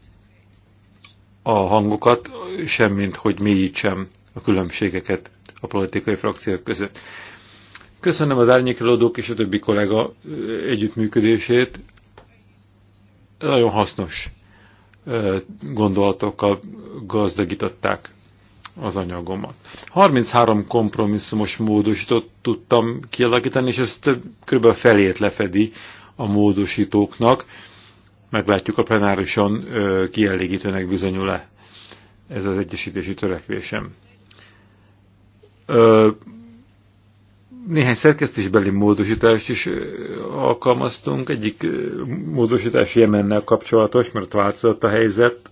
a hangokat, semmint, hogy mélyítsem a különbségeket a politikai frakciók között. Köszönöm az árnyékelődők és a többi kollega együttműködését. Nagyon hasznos gondolatokkal gazdagították az anyagomat. 33 kompromisszumos módosítót tudtam kialakítani, és ez több, kb. felét lefedi a módosítóknak. Meglátjuk a plenárison kielégítőnek bizonyul-e ez az egyesítési törekvésem. Néhány szerkesztésbeli módosítást is alkalmaztunk. Egyik módosítás Jemennel kapcsolatos, mert változott a helyzet,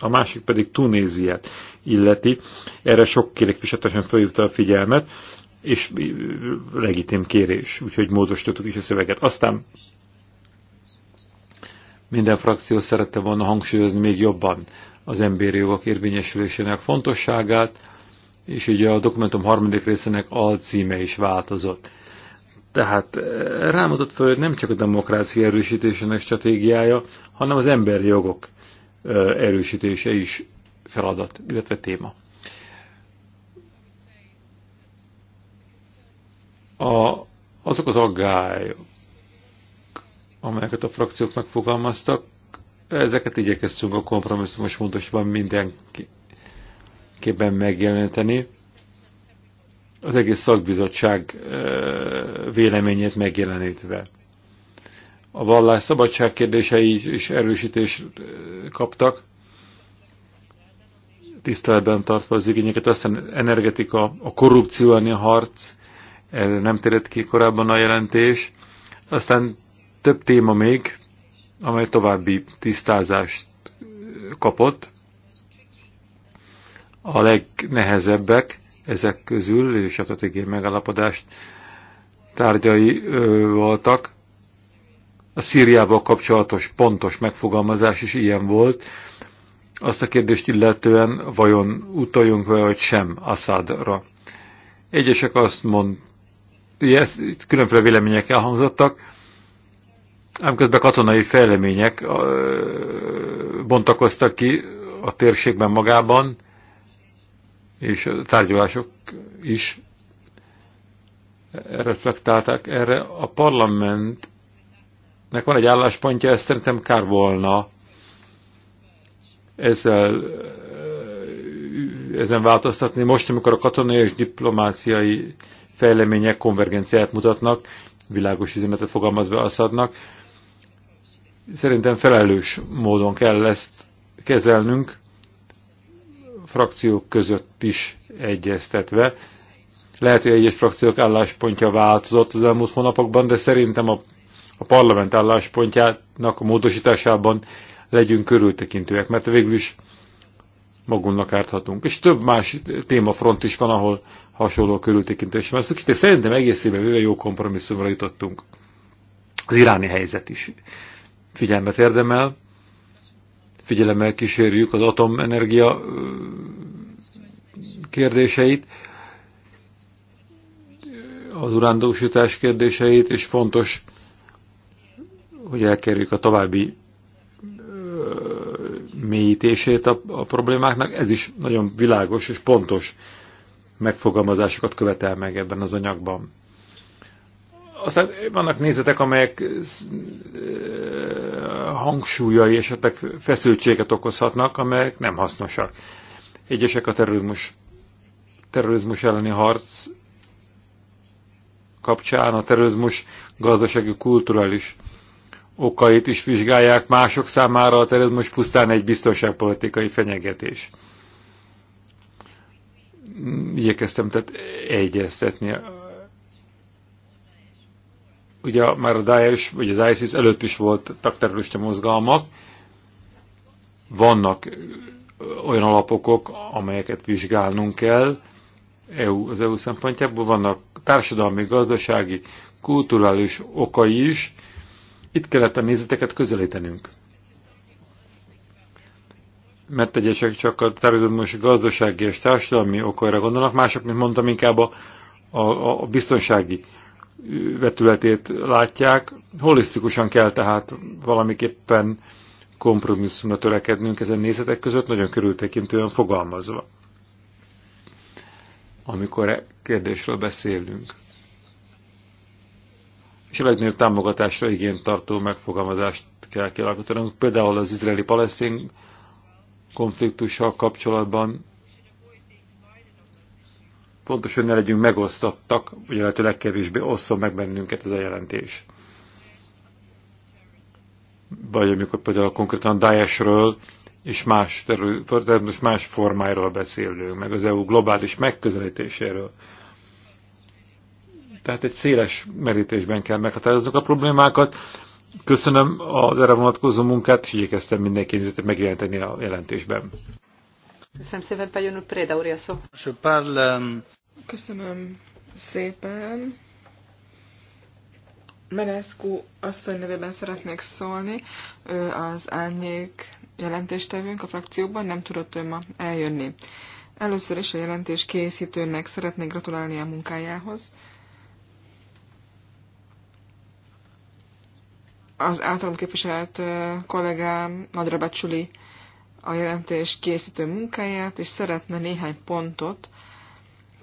a másik pedig Tunéziát illeti. Erre sok képviselősen felhívta a figyelmet, és legitim kérés, úgyhogy módosítottuk is a szöveget. Aztán minden frakció szerette volna hangsúlyozni még jobban az emberi jogok érvényesülésének fontosságát, és ugye a dokumentum harmadik részének alcíme is változott. Tehát eh, rámozott fel, hogy nem csak a demokrácia erősítésének stratégiája, hanem az emberi jogok eh, erősítése is feladat, illetve téma. A, azok az aggályok, amelyeket a frakciók megfogalmaztak, ezeket igyekeztünk a kompromisszumos módosban mindenképpen megjeleníteni. Az egész szakbizottság véleményét megjelenítve. A vallás szabadság kérdései is erősítés kaptak, tiszteletben tartva az igényeket, aztán energetika, a korrupció elleni harc, erre nem térett ki korábban a jelentés, aztán több téma még, amely további tisztázást kapott. A legnehezebbek ezek közül, és a stratégiai megállapodást tárgyai ö, voltak. A Szíriával kapcsolatos pontos megfogalmazás is ilyen volt. Azt a kérdést illetően vajon utaljunk vele, vagy sem Assadra. Egyesek azt mondták, yes, különféle vélemények elhangzottak, Ám közben katonai fejlemények bontakoztak ki a térségben magában, és a tárgyalások is reflektálták erre. A parlamentnek van egy álláspontja, ezt szerintem kár volna ezzel, ezen változtatni. Most, amikor a katonai és diplomáciai fejlemények konvergenciát mutatnak, világos üzenetet fogalmazva Assadnak, Szerintem felelős módon kell ezt kezelnünk, frakciók között is egyeztetve. Lehet, hogy egyes frakciók álláspontja változott az elmúlt hónapokban, de szerintem a, a parlament álláspontjának a módosításában legyünk körültekintőek, mert végül is magunknak árthatunk. És több más témafront is van, ahol hasonló körültekintés van. Szóval szerintem egészében jó kompromisszumra jutottunk. Az iráni helyzet is figyelmet érdemel, figyelemmel kísérjük az atomenergia kérdéseit, az urándósítás kérdéseit, és fontos, hogy elkerüljük a további mélyítését a, a problémáknak. Ez is nagyon világos és pontos megfogalmazásokat követel meg ebben az anyagban. Aztán vannak nézetek, amelyek hangsúlyai esetleg feszültséget okozhatnak, amelyek nem hasznosak. Egyesek a terrorizmus, terrorizmus elleni harc kapcsán a terrorizmus gazdasági kulturális okait is vizsgálják, mások számára a terrorizmus pusztán egy biztonságpolitikai fenyegetés. Igyekeztem tehát egyeztetni ugye már a Daesh, vagy az ISIS előtt is volt takterrorista mozgalmak, vannak olyan alapokok, amelyeket vizsgálnunk kell EU, az EU szempontjából, vannak társadalmi, gazdasági, kulturális okai is, itt kellett a nézeteket közelítenünk. Mert egyesek csak a társadalmas gazdasági és társadalmi okaira gondolnak, mások, mint mondtam, inkább a, a, a biztonsági vetületét látják. Holisztikusan kell tehát valamiképpen kompromisszumra törekednünk ezen nézetek között, nagyon körültekintően fogalmazva, amikor e kérdésről beszélünk. És a legnagyobb támogatásra igényt tartó megfogalmazást kell kialakítanunk, például az izraeli-palesztin konfliktussal kapcsolatban Fontos, hogy ne legyünk megosztottak, a lehető legkevésbé osszon meg bennünket ez a jelentés. Vagy amikor például konkrétan Daesh-ről és más, terül, most más formáiról beszélünk, meg az EU globális megközelítéséről. Tehát egy széles merítésben kell meghatározni a problémákat. Köszönöm az erre vonatkozó munkát, és igyekeztem mindenki megjelenteni a jelentésben. Köszönöm szépen, Pajon úr, Préda úr, Köszönöm szépen. Menescu asszony nevében szeretnék szólni. Ő az árnyék jelentéstevőnk a frakcióban, nem tudott ő ma eljönni. Először is a jelentés készítőnek szeretnék gratulálni a munkájához. Az általam képviselt kollégám nagyra becsüli a jelentés készítő munkáját, és szeretne néhány pontot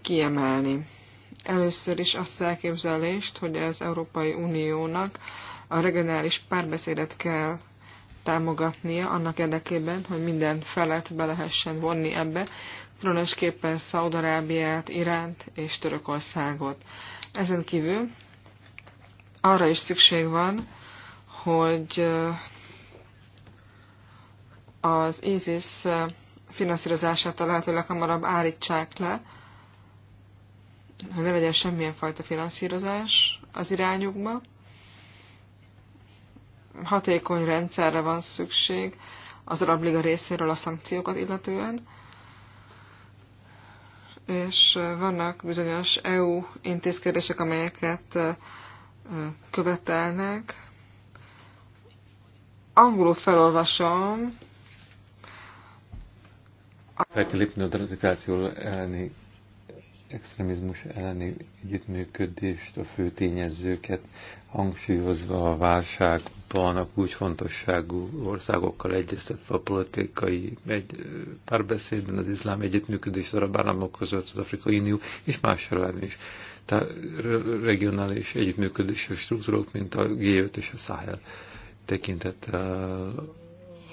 kiemelni. Először is azt elképzelést, hogy az Európai Uniónak a regionális párbeszédet kell támogatnia annak érdekében, hogy minden felet be lehessen vonni ebbe, különösképpen Szaudarábiát, Iránt és Törökországot. Ezen kívül arra is szükség van, hogy eh, az ISIS eh, finanszírozását a lehető hamarabb állítsák le, hogy ne legyen semmilyen fajta finanszírozás az irányukba. Hatékony rendszerre van szükség az Arabliga részéről a szankciókat illetően, és vannak bizonyos EU intézkedések, amelyeket követelnek. Angolul felolvasom. Fel kell lépni a ratifikációról elni extrémizmus elleni együttműködést, a fő tényezőket hangsúlyozva a válságban a kulcsfontosságú országokkal egyeztetve a politikai egy, párbeszédben az iszlám együttműködés az arab államok között az Afrikai Unió és más ellen is. Tehát regionális együttműködési struktúrok, mint a G5 és a Sahel tekintettel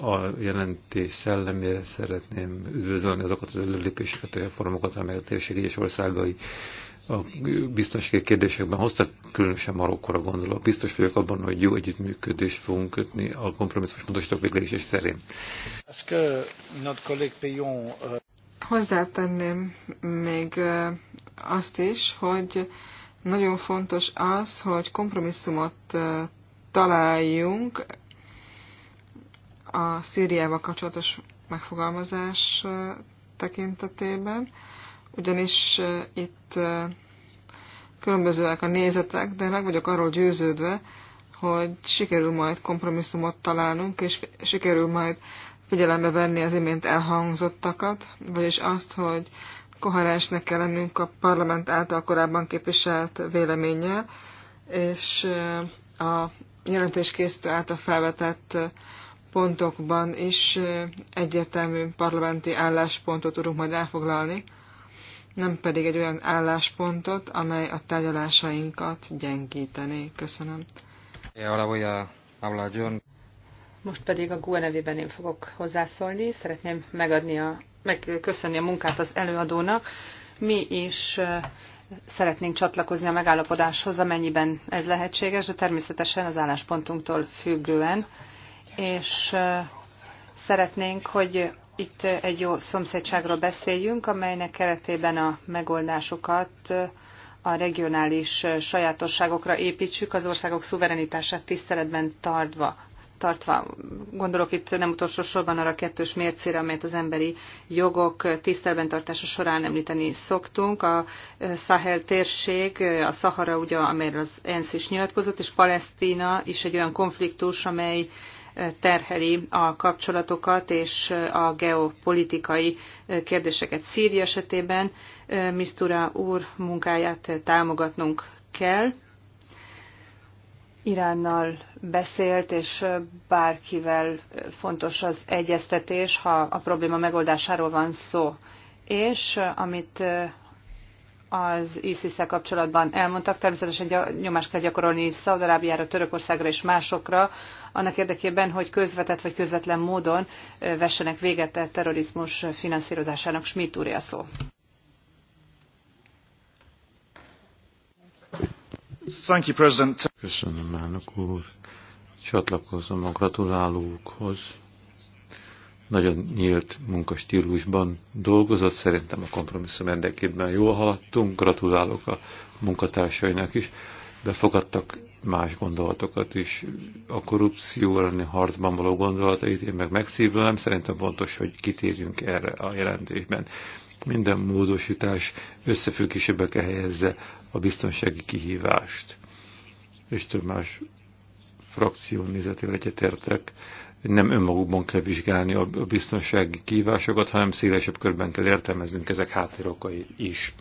a jelentés szellemére szeretném üdvözölni azokat az előlépéseket, a reformokat, amelyek a térség egyes országai a biztonsági kérdésekben hoztak, különösen Marokkora gondolok. Biztos vagyok abban, hogy jó együttműködést fogunk kötni a kompromisszumos módosítók végleges szerint. Euh, Hozzátenném még euh, azt is, hogy nagyon fontos az, hogy kompromisszumot euh, találjunk a Szíriával kapcsolatos megfogalmazás tekintetében, ugyanis itt különbözőek a nézetek, de meg vagyok arról győződve, hogy sikerül majd kompromisszumot találnunk, és sikerül majd figyelembe venni az imént elhangzottakat, vagyis azt, hogy koherensnek kell lennünk a parlament által korábban képviselt véleménnyel, és a jelentéskészítő által felvetett pontokban is egyértelmű parlamenti álláspontot tudunk majd elfoglalni, nem pedig egy olyan álláspontot, amely a tárgyalásainkat gyengítené. Köszönöm. Eh, Most pedig a GUE nevében én fogok hozzászólni. Szeretném megadni a, megköszönni a munkát az előadónak. Mi is szeretnénk csatlakozni a megállapodáshoz, amennyiben ez lehetséges, de természetesen az álláspontunktól függően és szeretnénk, hogy itt egy jó szomszédságról beszéljünk, amelynek keretében a megoldásokat a regionális sajátosságokra építsük, az országok szuverenitását tiszteletben tartva. Tartva. Gondolok itt nem utolsó sorban arra kettős mércére, amelyet az emberi jogok tiszteletben tartása során említeni szoktunk. A Sahel térség, a Sahara ugye, amelyről az ENSZ is nyilatkozott, és Palesztina is egy olyan konfliktus, amely terheli a kapcsolatokat és a geopolitikai kérdéseket Szíria esetében. Misztura úr munkáját támogatnunk kell. Iránnal beszélt, és bárkivel fontos az egyeztetés, ha a probléma megoldásáról van szó. És amit az isis kapcsolatban elmondtak. Természetesen nyomást kell gyakorolni Szaudarábiára, Törökországra és másokra, annak érdekében, hogy közvetett vagy közvetlen módon vessenek véget a terrorizmus finanszírozásának. Schmidt úr, a szó. Thank you, President. Köszönöm, elnök úr. Csatlakozom a gratulálókhoz nagyon nyílt munkastílusban dolgozott, szerintem a kompromisszum érdekében jól haladtunk, gratulálok a munkatársainak is, de fogadtak más gondolatokat is, a korrupció elleni harcban való gondolatait én meg megszívlelem, szerintem fontos, hogy kitérjünk erre a jelentésben. Minden módosítás összefüggésébe kell helyezze a biztonsági kihívást. És több más frakció nézetére egyetértek nem önmagukban kell vizsgálni a biztonsági kívásokat, hanem szélesebb körben kell értelmeznünk ezek háttérokai is,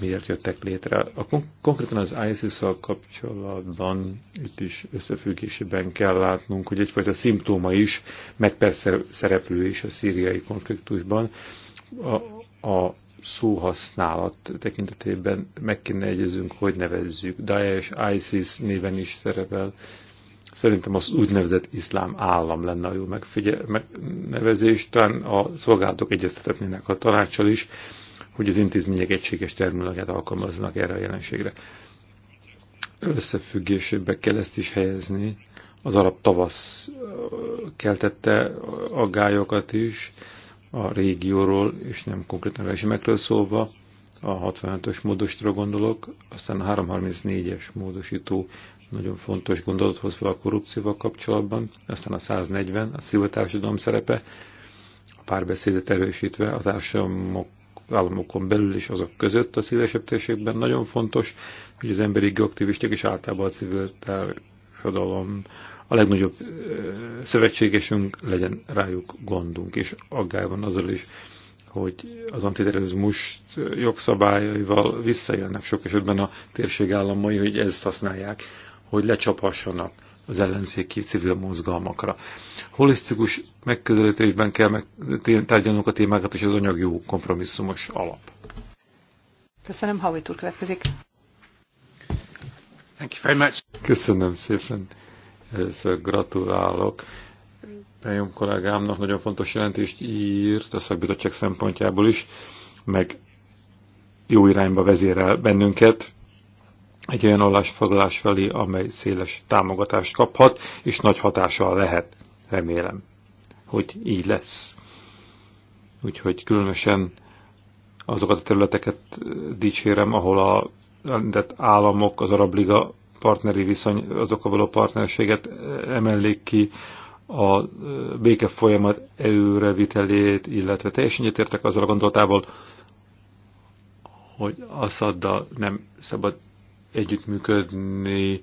miért jöttek létre. A kon konkrétan az ISIS-szal kapcsolatban itt is összefüggésében kell látnunk, hogy egyfajta szimptóma is, meg persze szereplő is a szíriai konfliktusban, a, a szóhasználat tekintetében meg kéne egyezünk, hogy nevezzük. Daesh, ISIS néven is szerepel Szerintem az úgynevezett iszlám állam lenne a jó megnevezés, talán a szolgálatok egyeztetetnének a tanácssal is, hogy az intézmények egységes terminológiát alkalmaznak erre a jelenségre. Összefüggésébe kell ezt is helyezni. Az arab tavasz keltette aggályokat is a régióról, és nem konkrétan rezsimekről szólva, a 65-ös módosítóra gondolok, aztán a 334-es módosító nagyon fontos gondolatot hoz fel a korrupcióval kapcsolatban, aztán a 140, a civil társadalom szerepe, a párbeszédet erősítve a társadalmok államokon belül és azok között a szélesebb térségben nagyon fontos, hogy az emberi aktivisták és általában a civil társadalom a legnagyobb szövetségesünk legyen rájuk gondunk, és aggály van azzal is, hogy az antiterrorizmus jogszabályaival visszaélnek sok esetben a térség államai, hogy ezt használják hogy lecsapassanak az ellenzéki civil mozgalmakra. Holisztikus megközelítésben kell meg, tárgyalnunk a témákat, és az anyag jó kompromisszumos alap. Köszönöm, Havit úr következik. Thank you very much. Köszönöm szépen, ez gratulálok. Pejom kollégámnak nagyon fontos jelentést írt a szakbizottság szempontjából is, meg jó irányba vezérel bennünket, egy olyan állásfoglalás felé, amely széles támogatást kaphat, és nagy hatással lehet, remélem, hogy így lesz. Úgyhogy különösen azokat a területeket dicsérem, ahol a rendet államok, az Arab Liga partneri viszony, azokkal való partnerséget eh, emellék ki, a eh, béke folyamat előrevitelét, illetve teljesen egyetértek azzal a gondolatával, hogy Assaddal nem szabad együttműködni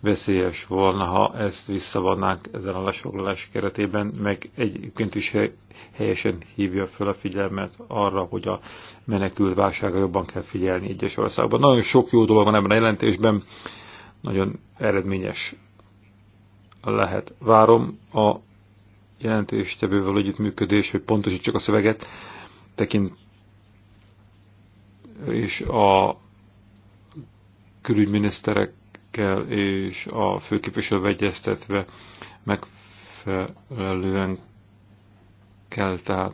veszélyes volna, ha ezt visszavannák ezen a lesorolás keretében, meg egyébként is helyesen hívja fel a figyelmet arra, hogy a menekült válságra jobban kell figyelni egyes országban. Nagyon sok jó dolog van ebben a jelentésben, nagyon eredményes lehet. Várom a jelentéstevővel együttműködés, hogy pontosítsuk a szöveget, tekint és a külügyminiszterekkel és a főképviselő vegyeztetve megfelelően kell tehát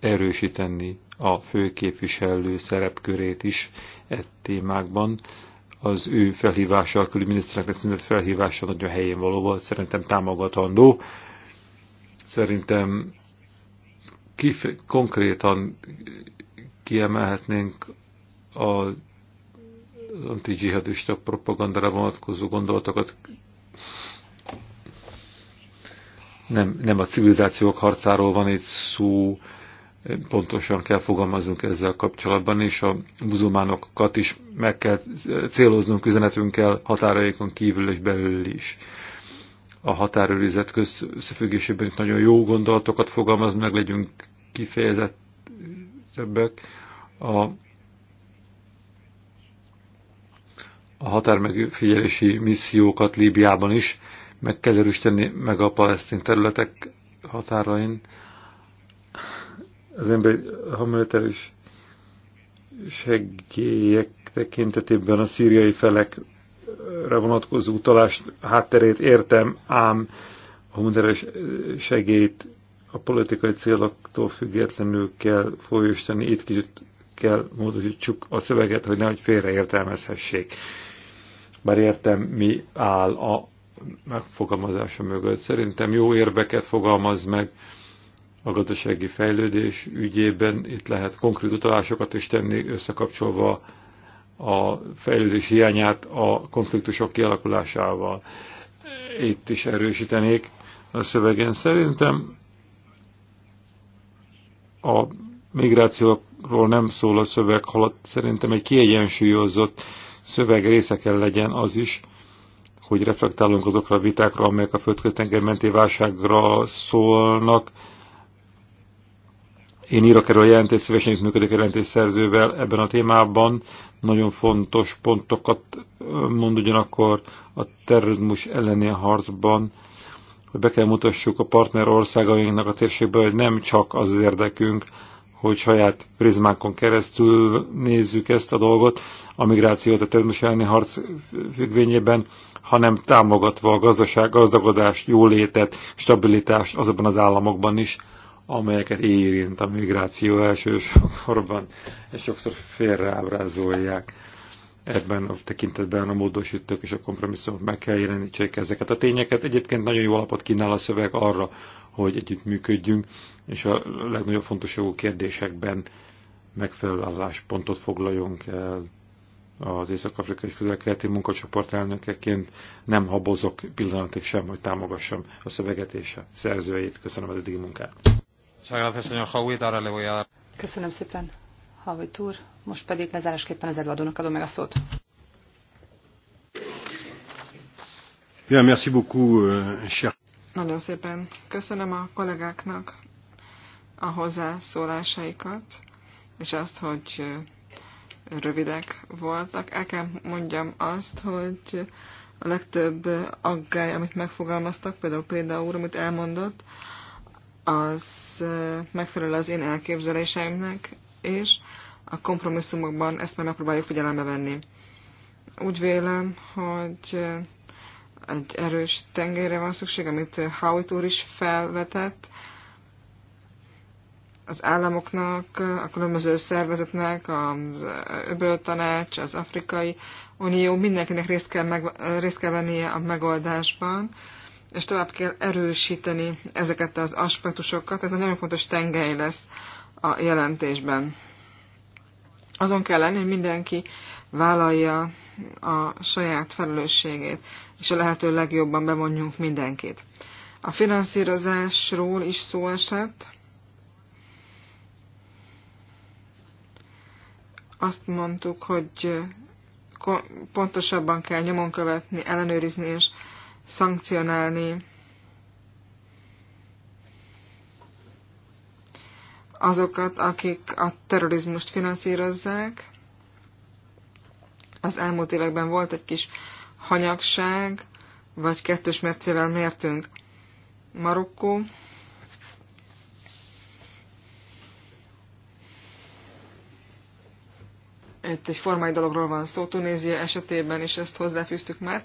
erősíteni a főképviselő szerepkörét is e témákban. Az ő felhívása, a külügyminisztereknek szintet felhívása nagyon helyén való volt, szerintem támogatandó. Szerintem kif- konkrétan kiemelhetnénk a antijihadista propagandára vonatkozó gondolatokat nem, nem a civilizációk harcáról van itt szó, pontosan kell fogalmaznunk ezzel kapcsolatban, és a muzulmánokat is meg kell céloznunk üzenetünkkel határaikon kívül és belül is. A határőrizet köz összefüggésében is nagyon jó gondolatokat fogalmaz, meg legyünk kifejezettebbek. A a határmegfigyelési missziókat Líbiában is, meg kell erősíteni meg a palesztin területek határain. Az ember hamilitáris segélyek tekintetében a szíriai felekre vonatkozó utalást hátterét értem, ám a humanitárius segélyt a politikai céloktól függetlenül kell folyósítani, itt kicsit kell módosítsuk a szöveget, hogy nehogy félreértelmezhessék bár értem, mi áll a megfogalmazása mögött. Szerintem jó érveket fogalmaz meg a gazdasági fejlődés ügyében. Itt lehet konkrét utalásokat is tenni összekapcsolva a fejlődés hiányát a konfliktusok kialakulásával. Itt is erősítenék a szövegen. Szerintem a migrációról nem szól a szöveg, halad szerintem egy kiegyensúlyozott szöveg része kell legyen az is, hogy reflektálunk azokra a vitákra, amelyek a földközi menti válságra szólnak. Én írok erről a jelentés, szívesen működik jelentésszerzővel ebben a témában. Nagyon fontos pontokat mond ugyanakkor a terrorizmus elleni harcban, hogy be kell mutassuk a partner országainknak a térségbe, hogy nem csak az érdekünk, hogy saját prizmánkon keresztül nézzük ezt a dolgot, a migrációt a termés elleni harc függvényében, hanem támogatva a gazdaság, gazdagodást, jólétet, stabilitást azokban az államokban is, amelyeket érint a migráció elsősorban, és sokszor félreábrázolják ebben a tekintetben a módosítók és a kompromisszumok meg kell jelenítsék ezeket a tényeket. Egyébként nagyon jó alapot kínál a szöveg arra, hogy együttműködjünk, és a legnagyobb fontosságú kérdésekben megfelelő álláspontot foglaljunk el az Észak-Afrikai Közel-Keleti munkacsoport elnökeként nem habozok pillanatig sem, hogy támogassam a szövegetése szerzőjét. Köszönöm az eddigi munkát. Köszönöm szépen, Havit úr. Most pedig lezárásképpen az előadónak adom meg a szót. Bien, merci beaucoup, euh, cher. Nagyon szépen köszönöm a kollégáknak a hozzászólásaikat, és azt, hogy rövidek voltak. El kell mondjam azt, hogy a legtöbb aggály, amit megfogalmaztak, például Préda úr, amit elmondott, az megfelel az én elképzeléseimnek, és a kompromisszumokban ezt már megpróbáljuk figyelembe venni. Úgy vélem, hogy egy erős tengerre van szükség, amit Howitt úr is felvetett. Az államoknak, a különböző szervezetnek, az Öböl Tanács, az Afrikai Unió, mindenkinek részt kell, meg, részt kell vennie a megoldásban, és tovább kell erősíteni ezeket az aspektusokat. Ez egy nagyon fontos tengely lesz a jelentésben. Azon kell lenni, hogy mindenki vállalja a saját felelősségét, és a lehető legjobban bevonjunk mindenkit. A finanszírozásról is szó esett. Azt mondtuk, hogy pontosabban kell nyomon követni, ellenőrizni és szankcionálni azokat, akik a terrorizmust finanszírozzák. Az elmúlt években volt egy kis hanyagság, vagy kettős mércével mértünk. Marokkó. Itt egy formai dologról van szó, Tunézia esetében is ezt hozzáfűztük már.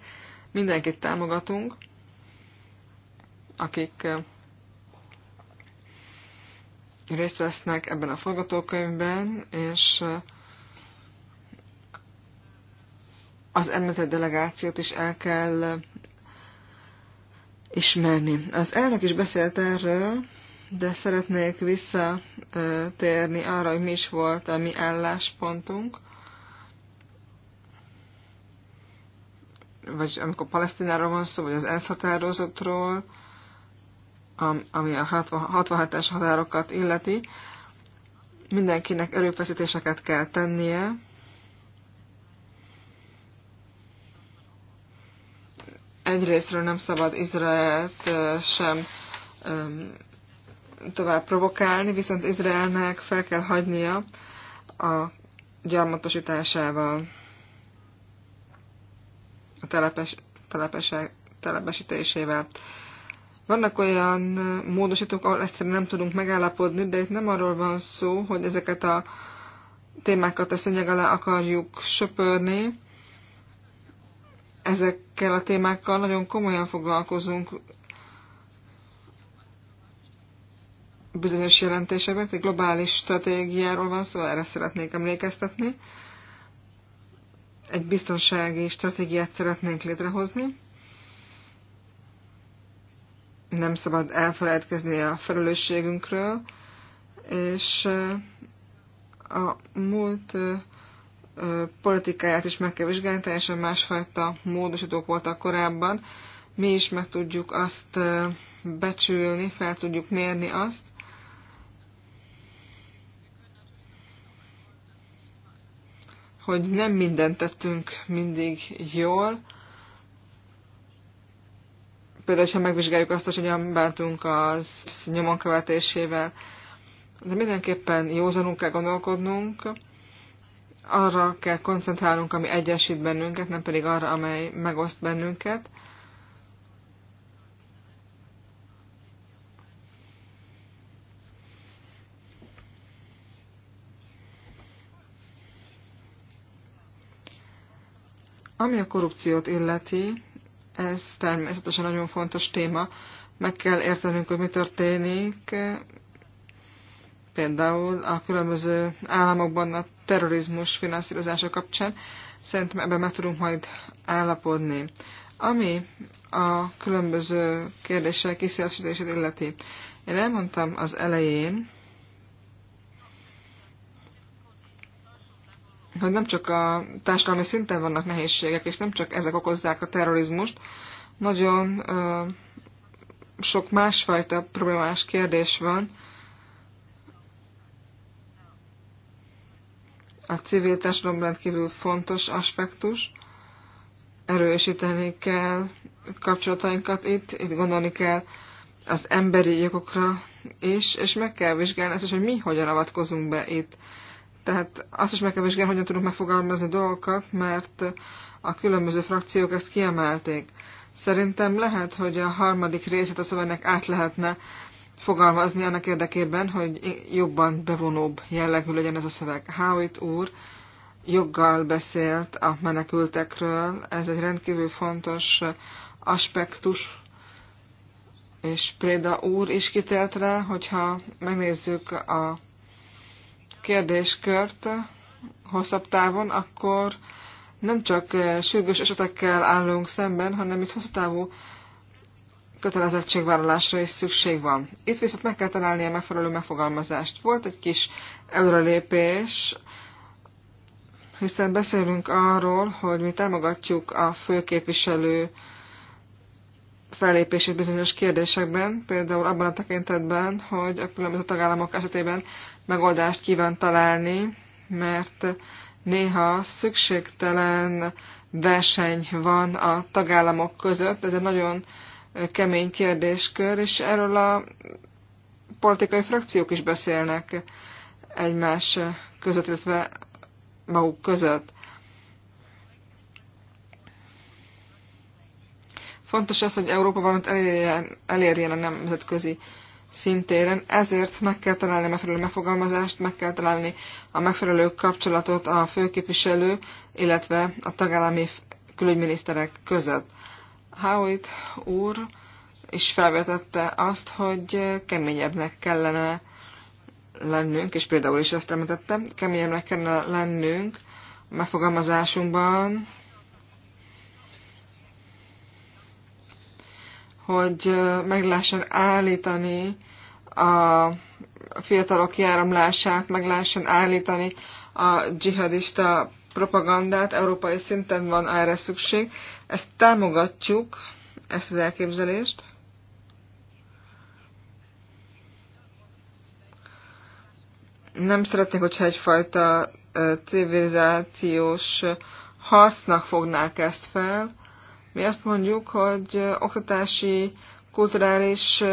Mindenkit támogatunk, akik eh, részt vesznek ebben a forgatókönyvben, és eh, az említett delegációt is el kell ismerni. Az elnök is beszélt erről, de szeretnék visszatérni arra, hogy mi is volt a mi álláspontunk. Vagy amikor Palesztináról van szó, vagy az ENSZ határozatról, ami a 67-es határokat illeti, mindenkinek erőfeszítéseket kell tennie, Egyrésztről nem szabad Izraelt sem tovább provokálni, viszont Izraelnek fel kell hagynia a gyarmatosításával, a telepes, telepes, telepesítésével. Vannak olyan módosítók, ahol egyszerűen nem tudunk megállapodni, de itt nem arról van szó, hogy ezeket a témákat a szönyeg alá akarjuk söpörni, ezekkel a témákkal nagyon komolyan foglalkozunk bizonyos jelentésekben, egy globális stratégiáról van szó, erre szeretnék emlékeztetni. Egy biztonsági stratégiát szeretnénk létrehozni. Nem szabad elfeledkezni a felelősségünkről, és a múlt politikáját is meg kell vizsgálni, teljesen másfajta módosítók voltak korábban. Mi is meg tudjuk azt becsülni, fel tudjuk mérni azt, hogy nem mindent tettünk mindig jól. Például, ha megvizsgáljuk azt, hogy hogyan bántunk az nyomon követésével, de mindenképpen józanunk kell gondolkodnunk, arra kell koncentrálnunk, ami egyesít bennünket, nem pedig arra, amely megoszt bennünket. Ami a korrupciót illeti, ez természetesen nagyon fontos téma. Meg kell értenünk, hogy mi történik, például a különböző államokban a terrorizmus finanszírozása kapcsán. Szerintem ebben meg tudunk majd állapodni. Ami a különböző kérdések kiszélesítését illeti. Én elmondtam az elején, hogy nem csak a társadalmi szinten vannak nehézségek, és nem csak ezek okozzák a terrorizmust, nagyon ö, sok másfajta problémás kérdés van, civil társadalom rendkívül fontos aspektus. Erősíteni kell kapcsolatainkat itt, itt gondolni kell az emberi jogokra is, és meg kell vizsgálni azt is, hogy mi hogyan avatkozunk be itt. Tehát azt is meg kell vizsgálni, hogyan tudunk megfogalmazni dolgokat, mert a különböző frakciók ezt kiemelték. Szerintem lehet, hogy a harmadik részét a szövegnek át lehetne fogalmazni annak érdekében, hogy jobban bevonóbb jellegű legyen ez a szöveg. Howitt úr joggal beszélt a menekültekről, ez egy rendkívül fontos aspektus, és Préda úr is kitért rá, hogyha megnézzük a kérdéskört hosszabb távon, akkor nem csak sürgős esetekkel állunk szemben, hanem itt hosszú távú kötelezettségvállalásra is szükség van. Itt viszont meg kell találni a megfelelő megfogalmazást. Volt egy kis előrelépés, hiszen beszélünk arról, hogy mi támogatjuk a főképviselő fellépését bizonyos kérdésekben, például abban a tekintetben, hogy a különböző tagállamok esetében megoldást kíván találni, mert néha szükségtelen verseny van a tagállamok között, ez egy nagyon kemény kérdéskör, és erről a politikai frakciók is beszélnek egymás között, illetve maguk között. Fontos az, hogy Európa valamit elérjen, elérjen a nemzetközi szintéren, ezért meg kell találni a megfelelő megfogalmazást, meg kell találni a megfelelő kapcsolatot a főképviselő, illetve a tagállami külügyminiszterek között. Howitt úr is felvetette azt, hogy keményebbnek kellene lennünk, és például is ezt említette, keményebbnek kellene lennünk a megfogalmazásunkban, hogy meg lehessen állítani a fiatalok járomlását, meg lehessen állítani a dzsihadista propagandát, európai szinten van erre szükség, ezt támogatjuk, ezt az elképzelést. Nem szeretnék, hogyha egyfajta civilizációs harcnak fognák ezt fel. Mi azt mondjuk, hogy oktatási, kulturális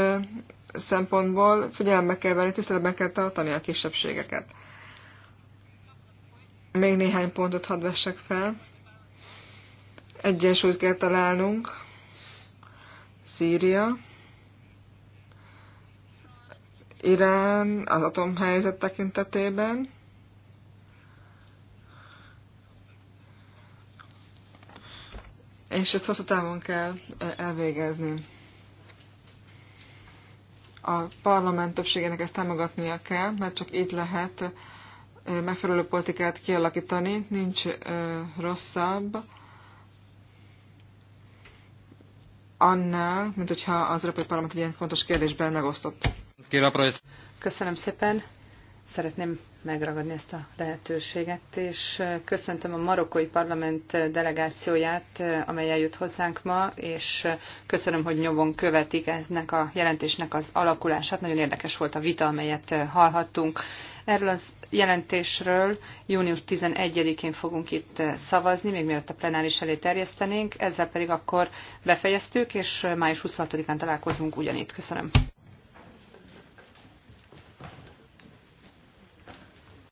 szempontból figyelembe kell venni, tiszteletbe kell tartani a kisebbségeket. Még néhány pontot hadd vessek fel. Egyensúlyt kell találnunk. Szíria, Irán az atomhelyzet tekintetében, és ezt hosszú távon kell e, elvégezni. A parlament többségének ezt támogatnia kell, mert csak így lehet e, megfelelő politikát kialakítani, nincs e, rosszabb annál, mint hogyha az Európai Parlament ilyen fontos kérdésben megosztott. Köszönöm szépen. Szeretném megragadni ezt a lehetőséget, és köszöntöm a marokkói parlament delegációját, amely eljut hozzánk ma, és köszönöm, hogy nyomon követik eznek a jelentésnek az alakulását. Nagyon érdekes volt a vita, amelyet hallhattunk. Erről az jelentésről június 11-én fogunk itt szavazni, még mielőtt a plenáris elé terjesztenénk, ezzel pedig akkor befejeztük, és május 26-án találkozunk ugyanitt. Köszönöm.